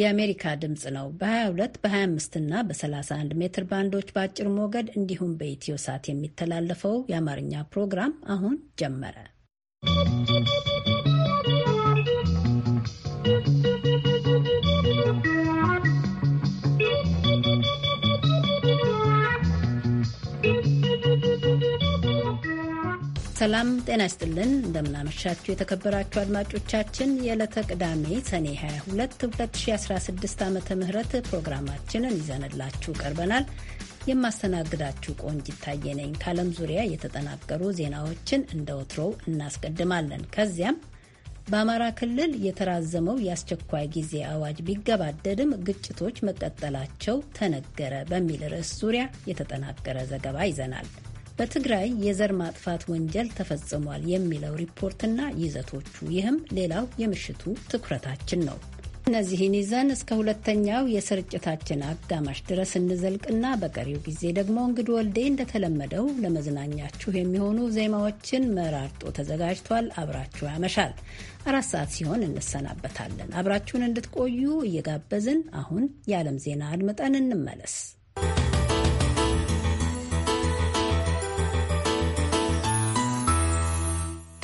የአሜሪካ ድምፅ ነው። በ22 በ25 እና በ31 ሜትር ባንዶች በአጭር ሞገድ እንዲሁም በኢትዮ ሳት የሚተላለፈው የአማርኛ ፕሮግራም አሁን ጀመረ። ሰላም ጤና ይስጥልን። እንደምናመሻችሁ የተከበራችሁ አድማጮቻችን የዕለተ ቅዳሜ ሰኔ 22 2016 ዓ ም ፕሮግራማችንን ይዘንላችሁ ቀርበናል። የማስተናግዳችሁ ቆንጅ ይታየነኝ ከአለም ከዓለም ዙሪያ የተጠናቀሩ ዜናዎችን እንደ ወትሮው እናስቀድማለን። ከዚያም በአማራ ክልል የተራዘመው የአስቸኳይ ጊዜ አዋጅ ቢገባደድም ግጭቶች መቀጠላቸው ተነገረ በሚል ርዕስ ዙሪያ የተጠናቀረ ዘገባ ይዘናል። በትግራይ የዘር ማጥፋት ወንጀል ተፈጽሟል የሚለው ሪፖርትና ይዘቶቹ ይህም ሌላው የምሽቱ ትኩረታችን ነው። እነዚህን ይዘን እስከ ሁለተኛው የስርጭታችን አጋማሽ ድረስ እንዘልቅና በቀሪው ጊዜ ደግሞ እንግድ ወልዴ እንደተለመደው ለመዝናኛችሁ የሚሆኑ ዜማዎችን መራርጦ ተዘጋጅቷል። አብራችሁ ያመሻል። አራት ሰዓት ሲሆን እንሰናበታለን። አብራችሁን እንድትቆዩ እየጋበዝን አሁን የዓለም ዜና አድምጠን እንመለስ።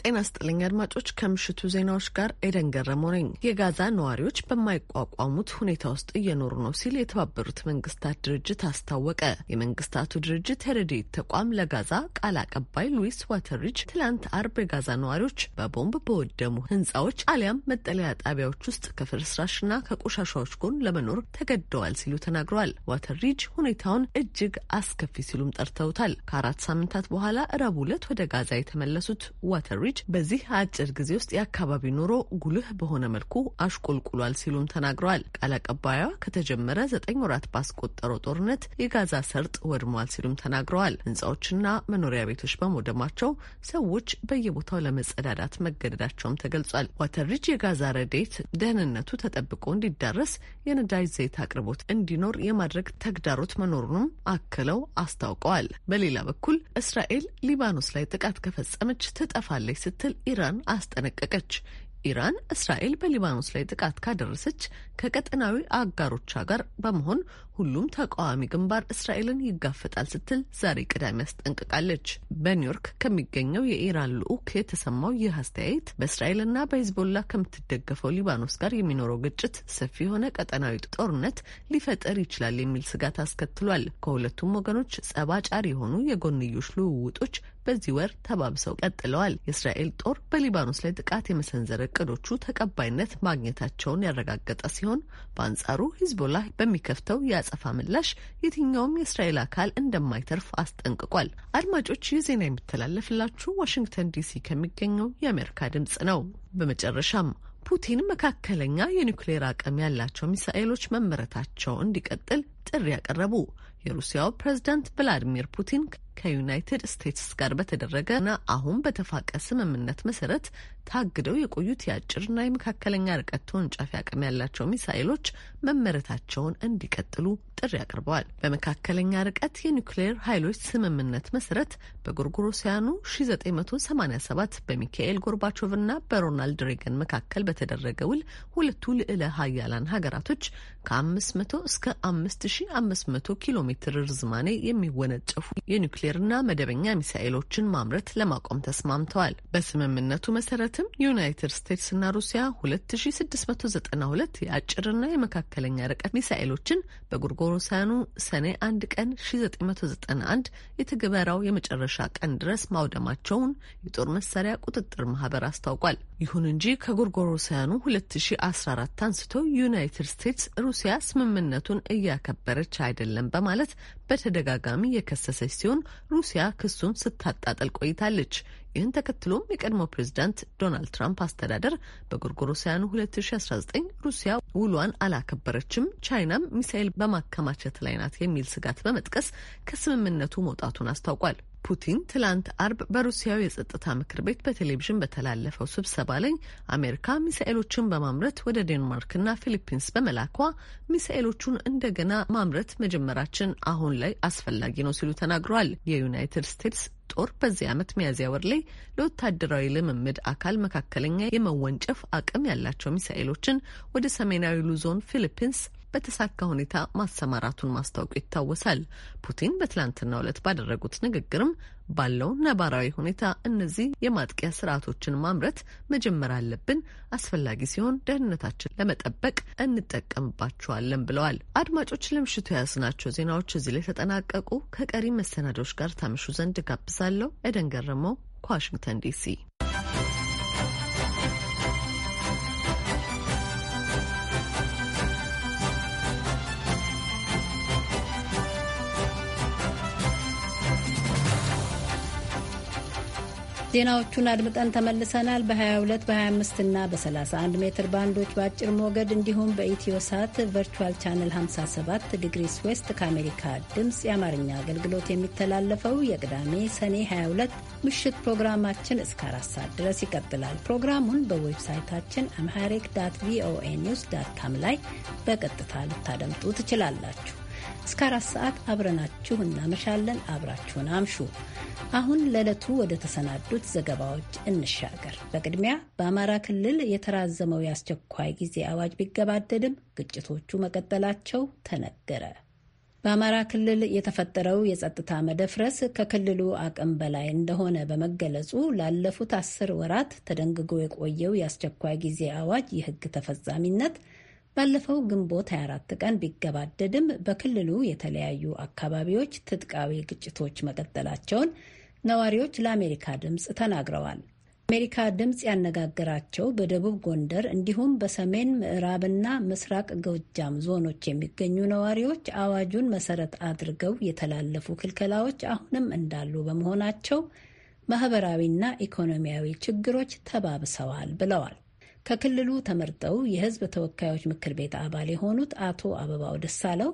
ጤና ስጥልኝ አድማጮች፣ ከምሽቱ ዜናዎች ጋር ኤደን ገረመው ነኝ። የጋዛ ነዋሪዎች በማይቋቋሙት ሁኔታ ውስጥ እየኖሩ ነው ሲል የተባበሩት መንግስታት ድርጅት አስታወቀ። የመንግስታቱ ድርጅት የረድኤት ተቋም ለጋዛ ቃል አቀባይ ሉዊስ ዋተርሪጅ ትላንት አርብ የጋዛ ነዋሪዎች በቦምብ በወደሙ ህንፃዎች አሊያም መጠለያ ጣቢያዎች ውስጥ ከፍርስራሽና ከቆሻሻዎች ጎን ለመኖር ተገደዋል ሲሉ ተናግረዋል። ዋተርሪጅ ሁኔታውን እጅግ አስከፊ ሲሉም ጠርተውታል። ከአራት ሳምንታት በኋላ ረቡዕ ዕለት ወደ ጋዛ የተመለሱት ዋተርሪጅ ችግሮች በዚህ አጭር ጊዜ ውስጥ የአካባቢ ኑሮ ጉልህ በሆነ መልኩ አሽቆልቁሏል ሲሉም ተናግረዋል። ቃል አቀባይዋ ከተጀመረ ዘጠኝ ወራት ባስቆጠረው ጦርነት የጋዛ ሰርጥ ወድሟል ሲሉም ተናግረዋል። ህንጻዎችና መኖሪያ ቤቶች በመውደማቸው ሰዎች በየቦታው ለመጸዳዳት መገደዳቸውም ተገልጿል። ዋተርሪጅ የጋዛ ረዴት ደህንነቱ ተጠብቆ እንዲዳረስ የነዳጅ ዘይት አቅርቦት እንዲኖር የማድረግ ተግዳሮት መኖሩንም አክለው አስታውቀዋል። በሌላ በኩል እስራኤል ሊባኖስ ላይ ጥቃት ከፈጸመች ትጠፋለች ስትል ኢራን አስጠነቀቀች። ኢራን እስራኤል በሊባኖስ ላይ ጥቃት ካደረሰች ከቀጠናዊ አጋሮቿ ጋር በመሆን ሁሉም ተቃዋሚ ግንባር እስራኤልን ይጋፈጣል ስትል ዛሬ ቅዳሜ አስጠንቅቃለች። በኒውዮርክ ከሚገኘው የኢራን ልዑክ የተሰማው ይህ አስተያየት በእስራኤልና በሂዝቦላ ከምትደገፈው ሊባኖስ ጋር የሚኖረው ግጭት ሰፊ የሆነ ቀጠናዊ ጦርነት ሊፈጠር ይችላል የሚል ስጋት አስከትሏል። ከሁለቱም ወገኖች ጸብ የሆኑ የጎንዮሽ ልውውጦች በዚህ ወር ተባብሰው ቀጥለዋል። የእስራኤል ጦር በሊባኖስ ላይ ጥቃት የመሰንዘር እቅዶቹ ተቀባይነት ማግኘታቸውን ያረጋገጠ ሲሆን በአንጻሩ ሂዝቦላ በሚከፍተው የአጸፋ ምላሽ የትኛውም የእስራኤል አካል እንደማይተርፍ አስጠንቅቋል። አድማጮች ይህ ዜና የሚተላለፍላችሁ ዋሽንግተን ዲሲ ከሚገኘው የአሜሪካ ድምጽ ነው። በመጨረሻም ፑቲን መካከለኛ የኒውክሌር አቅም ያላቸው ሚሳኤሎች መመረታቸው እንዲቀጥል ጥሪ ያቀረቡ የሩሲያው ፕሬዝዳንት ቭላዲሚር ፑቲን ከዩናይትድ ስቴትስ ጋር በተደረገ እና አሁን በተፋቀ ስምምነት መሰረት ታግደው የቆዩት የአጭርና የመካከለኛ ርቀት ተወንጫፊ አቅም ያላቸው ሚሳይሎች መመረታቸውን እንዲቀጥሉ ጥሪ አቅርበዋል። በመካከለኛ ርቀት የኒውክሌር ኃይሎች ስምምነት መሰረት በጎርጎሮሲያኑ 1987 በሚካኤል ጎርባቾቭና በሮናልድ ሬገን መካከል በተደረገ ውል ሁለቱ ልዕለ ሀያላን ሀገራቶች ከ500 እስከ 5500 ኪሎ ሜትር ርዝማኔ የሚወነጨፉ የኒውክሌርና መደበኛ ሚሳይሎችን ማምረት ለማቆም ተስማምተዋል። በስምምነቱ መሰረት ማለትም ዩናይትድ እና ሩሲያ 2692 የአጭርና የመካከለኛ ርቀት ሚሳኤሎችን በጎርጎሮሳውያኑ ሰኔ አንድ ቀን 1991 የትግበራው የመጨረሻ ቀን ድረስ ማውደማቸውን የጦር መሳሪያ ቁጥጥር ማህበር አስታውቋል። ይሁን እንጂ ከጎርጎሮሳውያኑ 2014 አንስቶ ዩናይትድ ስቴትስ ሩሲያ ስምምነቱን እያከበረች አይደለም በማለት በተደጋጋሚ የከሰሰች ሲሆን ሩሲያ ክሱን ስታጣጠል ቆይታለች። ይህን ተከትሎም የቀድሞው ፕሬዚዳንት ዶናልድ ትራምፕ አስተዳደር በጎርጎሮሳውያኑ 2019 ሩሲያ ውሏን አላከበረችም፣ ቻይናም ሚሳኤል በማከማቸት ላይ ናት የሚል ስጋት በመጥቀስ ከስምምነቱ መውጣቱን አስታውቋል። ፑቲን ትላንት አርብ በሩሲያው የጸጥታ ምክር ቤት በቴሌቪዥን በተላለፈው ስብሰባ ላይ አሜሪካ ሚሳኤሎችን በማምረት ወደ ዴንማርክና ፊሊፒንስ በመላኳ ሚሳኤሎቹን እንደገና ማምረት መጀመራችን አሁን ላይ አስፈላጊ ነው ሲሉ ተናግረዋል። የዩናይትድ ስቴትስ ጦር በዚህ ዓመት ሚያዝያ ወር ላይ ለወታደራዊ ልምምድ አካል መካከለኛ የመወንጨፍ አቅም ያላቸው ሚሳኤሎችን ወደ ሰሜናዊ ሉዞን ፊሊፒንስ በተሳካ ሁኔታ ማሰማራቱን ማስታወቁ ይታወሳል። ፑቲን በትላንትናው ዕለት ባደረጉት ንግግርም ባለው ነባራዊ ሁኔታ እነዚህ የማጥቂያ ስርዓቶችን ማምረት መጀመር አለብን፣ አስፈላጊ ሲሆን ደህንነታችን ለመጠበቅ እንጠቀምባቸዋለን ብለዋል። አድማጮች፣ ለምሽቱ የያዝናቸው ዜናዎች እዚህ ላይ ተጠናቀቁ። ከቀሪ መሰናዶች ጋር ታምሹ ዘንድ ጋብዛለሁ። ኤደን ገረመው ከዋሽንግተን ዲሲ ዜናዎቹን አድምጠን ተመልሰናል። በ22 በ25 እና በ31 ሜትር ባንዶች በአጭር ሞገድ እንዲሁም በኢትዮ ሳት ቨርቹዋል ቻነል 57 ዲግሪስ ዌስት ከአሜሪካ ድምፅ የአማርኛ አገልግሎት የሚተላለፈው የቅዳሜ ሰኔ 22 ምሽት ፕሮግራማችን እስከ አራት ሰዓት ድረስ ይቀጥላል። ፕሮግራሙን በዌብሳይታችን አምሃሪክ ዳት ቪኦኤ ኒውስ ዳት ካም ላይ በቀጥታ ልታደምጡ ትችላላችሁ። እስከ አራት ሰዓት አብረናችሁ እናመሻለን። አብራችሁን አምሹ። አሁን ለዕለቱ ወደ ተሰናዱት ዘገባዎች እንሻገር። በቅድሚያ በአማራ ክልል የተራዘመው የአስቸኳይ ጊዜ አዋጅ ቢገባደድም ግጭቶቹ መቀጠላቸው ተነገረ። በአማራ ክልል የተፈጠረው የጸጥታ መደፍረስ ከክልሉ አቅም በላይ እንደሆነ በመገለጹ ላለፉት አስር ወራት ተደንግጎ የቆየው የአስቸኳይ ጊዜ አዋጅ የሕግ ተፈጻሚነት ባለፈው ግንቦት 24 ቀን ቢገባደድም በክልሉ የተለያዩ አካባቢዎች ትጥቃዊ ግጭቶች መቀጠላቸውን ነዋሪዎች ለአሜሪካ ድምፅ ተናግረዋል። አሜሪካ ድምፅ ያነጋገራቸው በደቡብ ጎንደር እንዲሁም በሰሜን ምዕራብና ምስራቅ ጎጃም ዞኖች የሚገኙ ነዋሪዎች አዋጁን መሰረት አድርገው የተላለፉ ክልከላዎች አሁንም እንዳሉ በመሆናቸው ማህበራዊና ኢኮኖሚያዊ ችግሮች ተባብሰዋል ብለዋል። ከክልሉ ተመርጠው የሕዝብ ተወካዮች ምክር ቤት አባል የሆኑት አቶ አበባው ደሳለው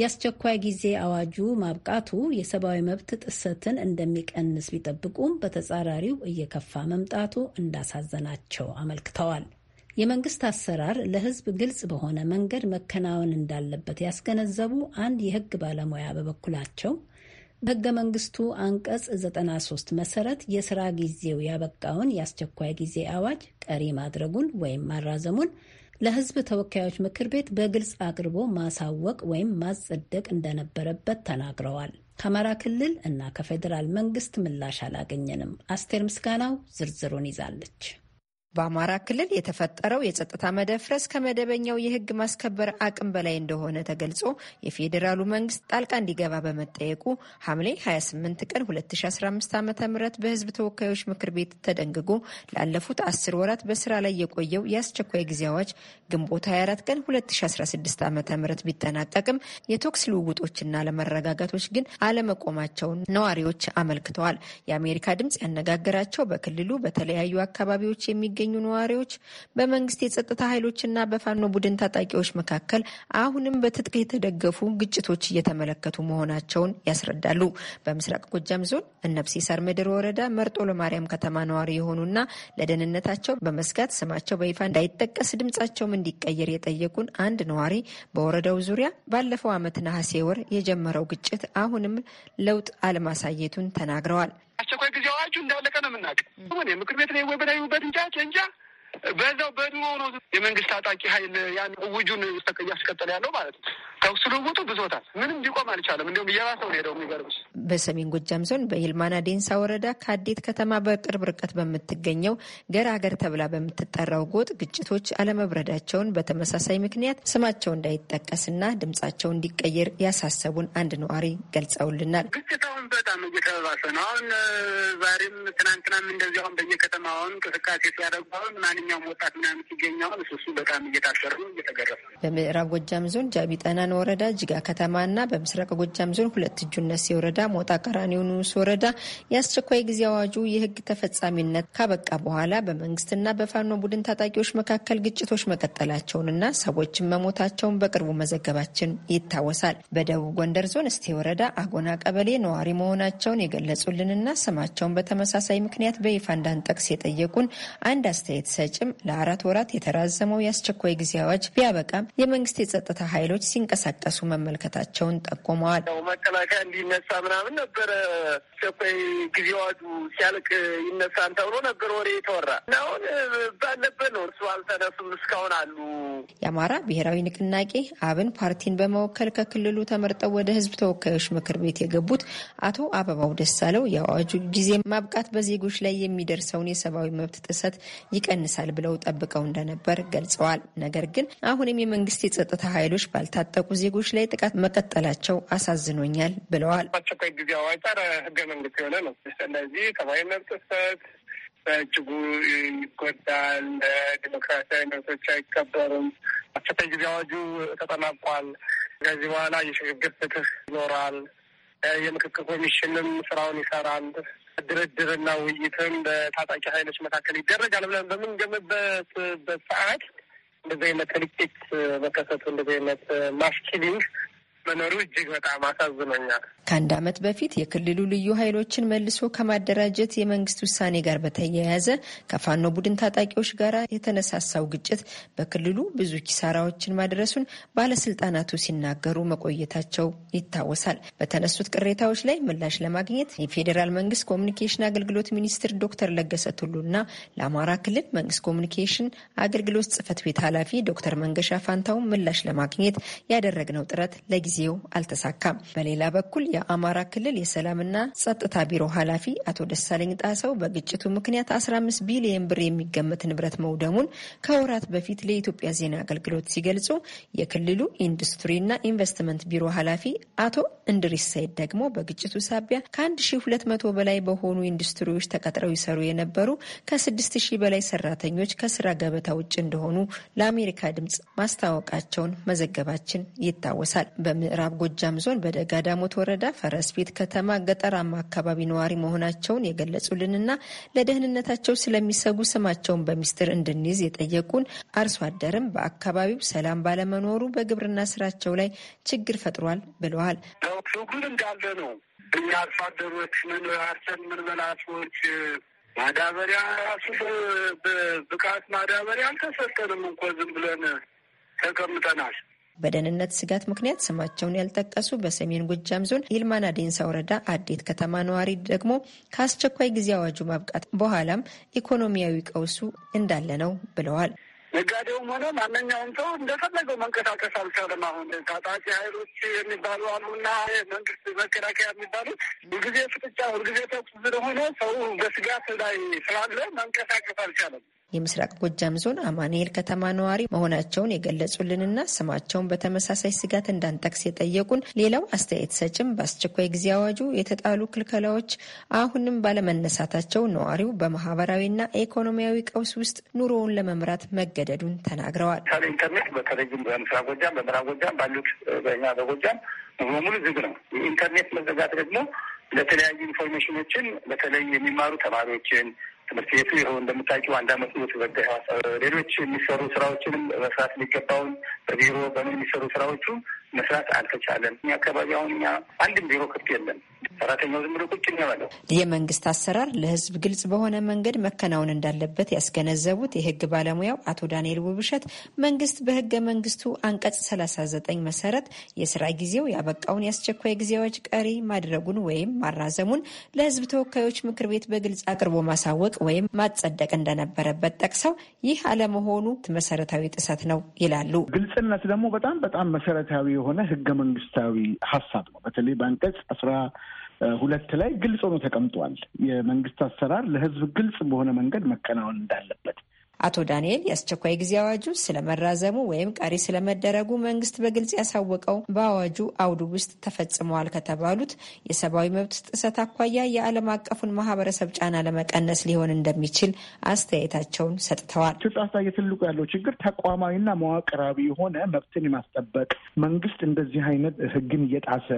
የአስቸኳይ ጊዜ አዋጁ ማብቃቱ የሰብአዊ መብት ጥሰትን እንደሚቀንስ ቢጠብቁም በተጻራሪው እየከፋ መምጣቱ እንዳሳዘናቸው አመልክተዋል። የመንግስት አሰራር ለህዝብ ግልጽ በሆነ መንገድ መከናወን እንዳለበት ያስገነዘቡ አንድ የሕግ ባለሙያ በበኩላቸው በህገ መንግስቱ አንቀጽ 93 መሰረት የስራ ጊዜው ያበቃውን የአስቸኳይ ጊዜ አዋጅ ቀሪ ማድረጉን ወይም ማራዘሙን ለህዝብ ተወካዮች ምክር ቤት በግልጽ አቅርቦ ማሳወቅ ወይም ማጸደቅ እንደነበረበት ተናግረዋል። ከአማራ ክልል እና ከፌዴራል መንግስት ምላሽ አላገኘንም። አስቴር ምስጋናው ዝርዝሩን ይዛለች። በአማራ ክልል የተፈጠረው የጸጥታ መደፍረስ ከመደበኛው የሕግ ማስከበር አቅም በላይ እንደሆነ ተገልጾ የፌዴራሉ መንግስት ጣልቃ እንዲገባ በመጠየቁ ሐምሌ 28 ቀን 2015 ዓ ም በሕዝብ ተወካዮች ምክር ቤት ተደንግጎ ላለፉት አስር ወራት በስራ ላይ የቆየው የአስቸኳይ ጊዜ አዋጅ ግንቦት 24 ቀን 2016 ዓ ም ቢጠናቀቅም የተኩስ ልውውጦችና አለመረጋጋቶች ግን አለመቆማቸውን ነዋሪዎች አመልክተዋል። የአሜሪካ ድምጽ ያነጋገራቸው በክልሉ በተለያዩ አካባቢዎች የሚገ የሚገኙ ነዋሪዎች በመንግስት የጸጥታ ኃይሎችና በፋኖ ቡድን ታጣቂዎች መካከል አሁንም በትጥቅ የተደገፉ ግጭቶች እየተመለከቱ መሆናቸውን ያስረዳሉ። በምስራቅ ጎጃም ዞን እነብሴ ሳር ምድር ወረዳ መርጦ ለማርያም ከተማ ነዋሪ የሆኑና ለደህንነታቸው በመስጋት ስማቸው በይፋ እንዳይጠቀስ ድምጻቸውም እንዲቀየር የጠየቁን አንድ ነዋሪ በወረዳው ዙሪያ ባለፈው ዓመት ነሐሴ ወር የጀመረው ግጭት አሁንም ለውጥ አለማሳየቱን ተናግረዋል። አስቸኳይ ጊዜ አዋጁ እንዳለቀ ነው የምናውቅ። ምክር ቤት ነው ወይ በላዩበት እንጃ እንጃ በዛው በድሮ ነው የመንግስት ታጣቂ ኃይል ያን ውጁን እያስቀጠለ ያለው ማለት ነው። ተኩስ ልውጡ ብዞታል። ምንም ሊቆም አልቻለም። እንዲሁም እየባሰው ሄደው። የሚገርምሽ በሰሜን ጎጃም ዞን በይልማና ዴንሳ ወረዳ ከአዴት ከተማ በቅርብ ርቀት በምትገኘው ገር ሀገር ተብላ በምትጠራው ጎጥ ግጭቶች አለመብረዳቸውን በተመሳሳይ ምክንያት ስማቸው እንዳይጠቀስና ድምጻቸው እንዲቀየር ያሳሰቡን አንድ ነዋሪ ገልጸውልናል። ግጭታውን በጣም እየተባባሰ ነው። አሁን ዛሬም ትናንትናም እንደዚህ አሁን በየከተማውን እንቅስቃሴ ሲያደርጉ አሁን ማንኛውም ወጣት ምናምን ሲገኘዋል እሱ በጣም እየታሰረ ነው፣ እየተገረፈ ነው። በምዕራብ ጎጃም ዞን ጃቢ ጠህናን ወረዳ ጅጋ ከተማና በምስራቅ ጎጃም ዞን ሁለት እጁነሴ ወረዳ ሞጣ ቀራኒዮ ንዑስ ወረዳ የአስቸኳይ ጊዜ አዋጁ የህግ ተፈጻሚነት ካበቃ በኋላ በመንግስትና በፋኖ ቡድን ታጣቂዎች መካከል ግጭቶች መቀጠላቸውንና ሰዎችን መሞታቸውን በቅርቡ መዘገባችን ይታወሳል። በደቡብ ጎንደር ዞን እስቴ ወረዳ አጎና ቀበሌ ነዋሪ መሆናቸውን የገለጹልንና ስማቸውን በተመሳሳይ ምክንያት በይፋ እንዳንጠቅስ የጠየቁን አንድ አስተያየት ሰ ሲሰጭም ለአራት ወራት የተራዘመው የአስቸኳይ ጊዜ አዋጅ ቢያበቃም የመንግስት የጸጥታ ኃይሎች ሲንቀሳቀሱ መመልከታቸውን ጠቁመዋል። መከላከያ እንዲነሳ ምናምን ነበረ አስቸኳይ ጊዜ አዋጁ ሲያልቅ ይነሳን ተብሎ ነበር ወሬ የተወራ እና አሁን ባለበት ነው እርሱ አልተነሱም እስካሁን አሉ። የአማራ ብሔራዊ ንቅናቄ አብን ፓርቲን በመወከል ከክልሉ ተመርጠው ወደ ህዝብ ተወካዮች ምክር ቤት የገቡት አቶ አበባው ደሳለው የአዋጁ ጊዜ ማብቃት በዜጎች ላይ የሚደርሰውን የሰብአዊ መብት ጥሰት ይቀንሳል ይደርሳል ብለው ጠብቀው እንደነበር ገልጸዋል። ነገር ግን አሁንም የመንግስት የጸጥታ ኃይሎች ባልታጠቁ ዜጎች ላይ ጥቃት መቀጠላቸው አሳዝኖኛል ብለዋል። አስቸኳይ ጊዜ አዋጅ ጸረ ህገ መንግስት የሆነ ነው። ስለዚህ ሰብአዊ መብት ጥሰት በእጅጉ ይጎዳል። ዲሞክራሲያዊ መብቶች አይከበሩም። አስቸኳይ ጊዜ አዋጁ ተጠናቋል። ከዚህ በኋላ የሽግግር ፍትህ ይኖራል። የምክክር ኮሚሽንም ስራውን ይሰራል። ድርድርና ውይይትም በታጣቂ ኃይሎች መካከል ይደረጋል ብለን በምንገምበት ሰዓት እንደዚህ አይነት ሪኬት መከሰቱ እንደዚህ አይነት ማስኪሊንግ መኖሩ እጅግ በጣም አሳዝኖኛል። ከአንድ ዓመት በፊት የክልሉ ልዩ ኃይሎችን መልሶ ከማደራጀት የመንግስት ውሳኔ ጋር በተያያዘ ከፋኖ ቡድን ታጣቂዎች ጋር የተነሳሳው ግጭት በክልሉ ብዙ ኪሳራዎችን ማድረሱን ባለስልጣናቱ ሲናገሩ መቆየታቸው ይታወሳል። በተነሱት ቅሬታዎች ላይ ምላሽ ለማግኘት የፌዴራል መንግስት ኮሚኒኬሽን አገልግሎት ሚኒስትር ዶክተር ለገሰ ቱሉና ለአማራ ክልል መንግስት ኮሚኒኬሽን አገልግሎት ጽህፈት ቤት ኃላፊ ዶክተር መንገሻ ፋንታው ምላሽ ለማግኘት ያደረግነው ጥረት ለጊዜ ለጊዜው አልተሳካም። በሌላ በኩል የአማራ ክልል የሰላምና ጸጥታ ቢሮ ኃላፊ አቶ ደሳለኝ ጣሰው በግጭቱ ምክንያት 15 ቢሊየን ብር የሚገመት ንብረት መውደሙን ከወራት በፊት ለኢትዮጵያ ዜና አገልግሎት ሲገልጹ የክልሉ ኢንዱስትሪና ኢንቨስትመንት ቢሮ ኃላፊ አቶ እንድሪስ ሰይድ ደግሞ በግጭቱ ሳቢያ ከ1200 በላይ በሆኑ ኢንዱስትሪዎች ተቀጥረው ይሰሩ የነበሩ ከ6000 በላይ ሰራተኞች ከስራ ገበታ ውጭ እንደሆኑ ለአሜሪካ ድምጽ ማስታወቃቸውን መዘገባችን ይታወሳል። በምዕራብ ጎጃም ዞን በደጋ ዳሞት ወረዳ ፈረስ ቤት ከተማ ገጠራማ አካባቢ ነዋሪ መሆናቸውን የገለጹልንና ለደህንነታቸው ስለሚሰጉ ስማቸውን በሚስጥር እንድንይዝ የጠየቁን አርሶ አደርም በአካባቢው ሰላም ባለመኖሩ በግብርና ስራቸው ላይ ችግር ፈጥሯል ብለዋል። ችግር እንዳለ ነው። እኛ አርሶ አደሮች ምን አርሰን ምን በላ ማዳበሪያ ራሱ ብቃት ማዳበሪያ አልተሰጠንም እኮ ዝም ብለን ተቀምጠናል። በደህንነት ስጋት ምክንያት ስማቸውን ያልጠቀሱ በሰሜን ጎጃም ዞን ይልማና ዴንሳ ወረዳ አዴት ከተማ ነዋሪ ደግሞ ከአስቸኳይ ጊዜ አዋጁ ማብቃት በኋላም ኢኮኖሚያዊ ቀውሱ እንዳለ ነው ብለዋል። ነጋዴውም ሆነ ማንኛውም ሰው እንደፈለገው መንቀሳቀስ አልቻለም። አሁን ታጣቂ ኃይሎች የሚባሉ አሉና መንግስት መከላከያ የሚባሉ ሁልጊዜ ፍጥጫ፣ ሁልጊዜ ተኩስ ስለሆነ ሰው በስጋት ላይ ስላለ መንቀሳቀስ አልቻለም። የምስራቅ ጎጃም ዞን አማኑኤል ከተማ ነዋሪ መሆናቸውን የገለጹልንና ስማቸውን በተመሳሳይ ስጋት እንዳንጠቅስ የጠየቁን ሌላው አስተያየት ሰጭም በአስቸኳይ ጊዜ አዋጁ የተጣሉ ክልከላዎች አሁንም ባለመነሳታቸው ነዋሪው በማህበራዊና ኢኮኖሚያዊ ቀውስ ውስጥ ኑሮውን ለመምራት መገደዱን ተናግረዋል። ኢንተርኔት በተለይም በምስራቅ ጎጃም፣ በምዕራብ ጎጃም ባሉት በኛ በጎጃም በሙሉ ዝግ ነው። የኢንተርኔት መዘጋት ደግሞ ለተለያዩ ኢንፎርሜሽኖችን በተለይ የሚማሩ ተማሪዎችን ትምህርት ቤቱ ይኸው እንደምታውቂው አንድ አመት ነው ተዘጋ። ሌሎች የሚሰሩ ስራዎችንም መስራት የሚገባውን በቢሮ በምን የሚሰሩ ስራዎቹ መስራት አልተቻለም። እኛ አካባቢ አሁን እኛ አንድም ቢሮ ክፍት የለም። ሰራተኛው ዝም ብሎ ቁጭ የሚባለው የመንግስት አሰራር ለህዝብ ግልጽ በሆነ መንገድ መከናወን እንዳለበት ያስገነዘቡት የህግ ባለሙያው አቶ ዳንኤል ውብሸት መንግስት በህገ መንግስቱ አንቀጽ ሰላሳ ዘጠኝ መሰረት የስራ ጊዜው ያበቃውን የአስቸኳይ ጊዜዎች ቀሪ ማድረጉን ወይም ማራዘሙን ለህዝብ ተወካዮች ምክር ቤት በግልጽ አቅርቦ ማሳወቅ ወይም ማጸደቅ እንደነበረበት ጠቅሰው ይህ አለመሆኑ መሰረታዊ ጥሰት ነው ይላሉ። ግልጽነት ደግሞ በጣም በጣም መሰረታዊ የሆነ ህገ መንግስታዊ ሀሳብ ነው። በተለይ በአንቀጽ አስራ ሁለት ላይ ግልጽ ሆኖ ተቀምጧል። የመንግስት አሰራር ለህዝብ ግልጽ በሆነ መንገድ መከናወን እንዳለበት አቶ ዳንኤል የአስቸኳይ ጊዜ አዋጁ ስለመራዘሙ ወይም ቀሪ ስለመደረጉ መንግስት በግልጽ ያሳወቀው በአዋጁ አውዱ ውስጥ ተፈጽመዋል ከተባሉት የሰብአዊ መብት ጥሰት አኳያ የዓለም አቀፉን ማህበረሰብ ጫና ለመቀነስ ሊሆን እንደሚችል አስተያየታቸውን ሰጥተዋል። ኢትዮጵያ ትልቁ ያለው ችግር ተቋማዊና መዋቅራዊ የሆነ መብትን የማስጠበቅ መንግስት እንደዚህ አይነት ህግን እየጣሰ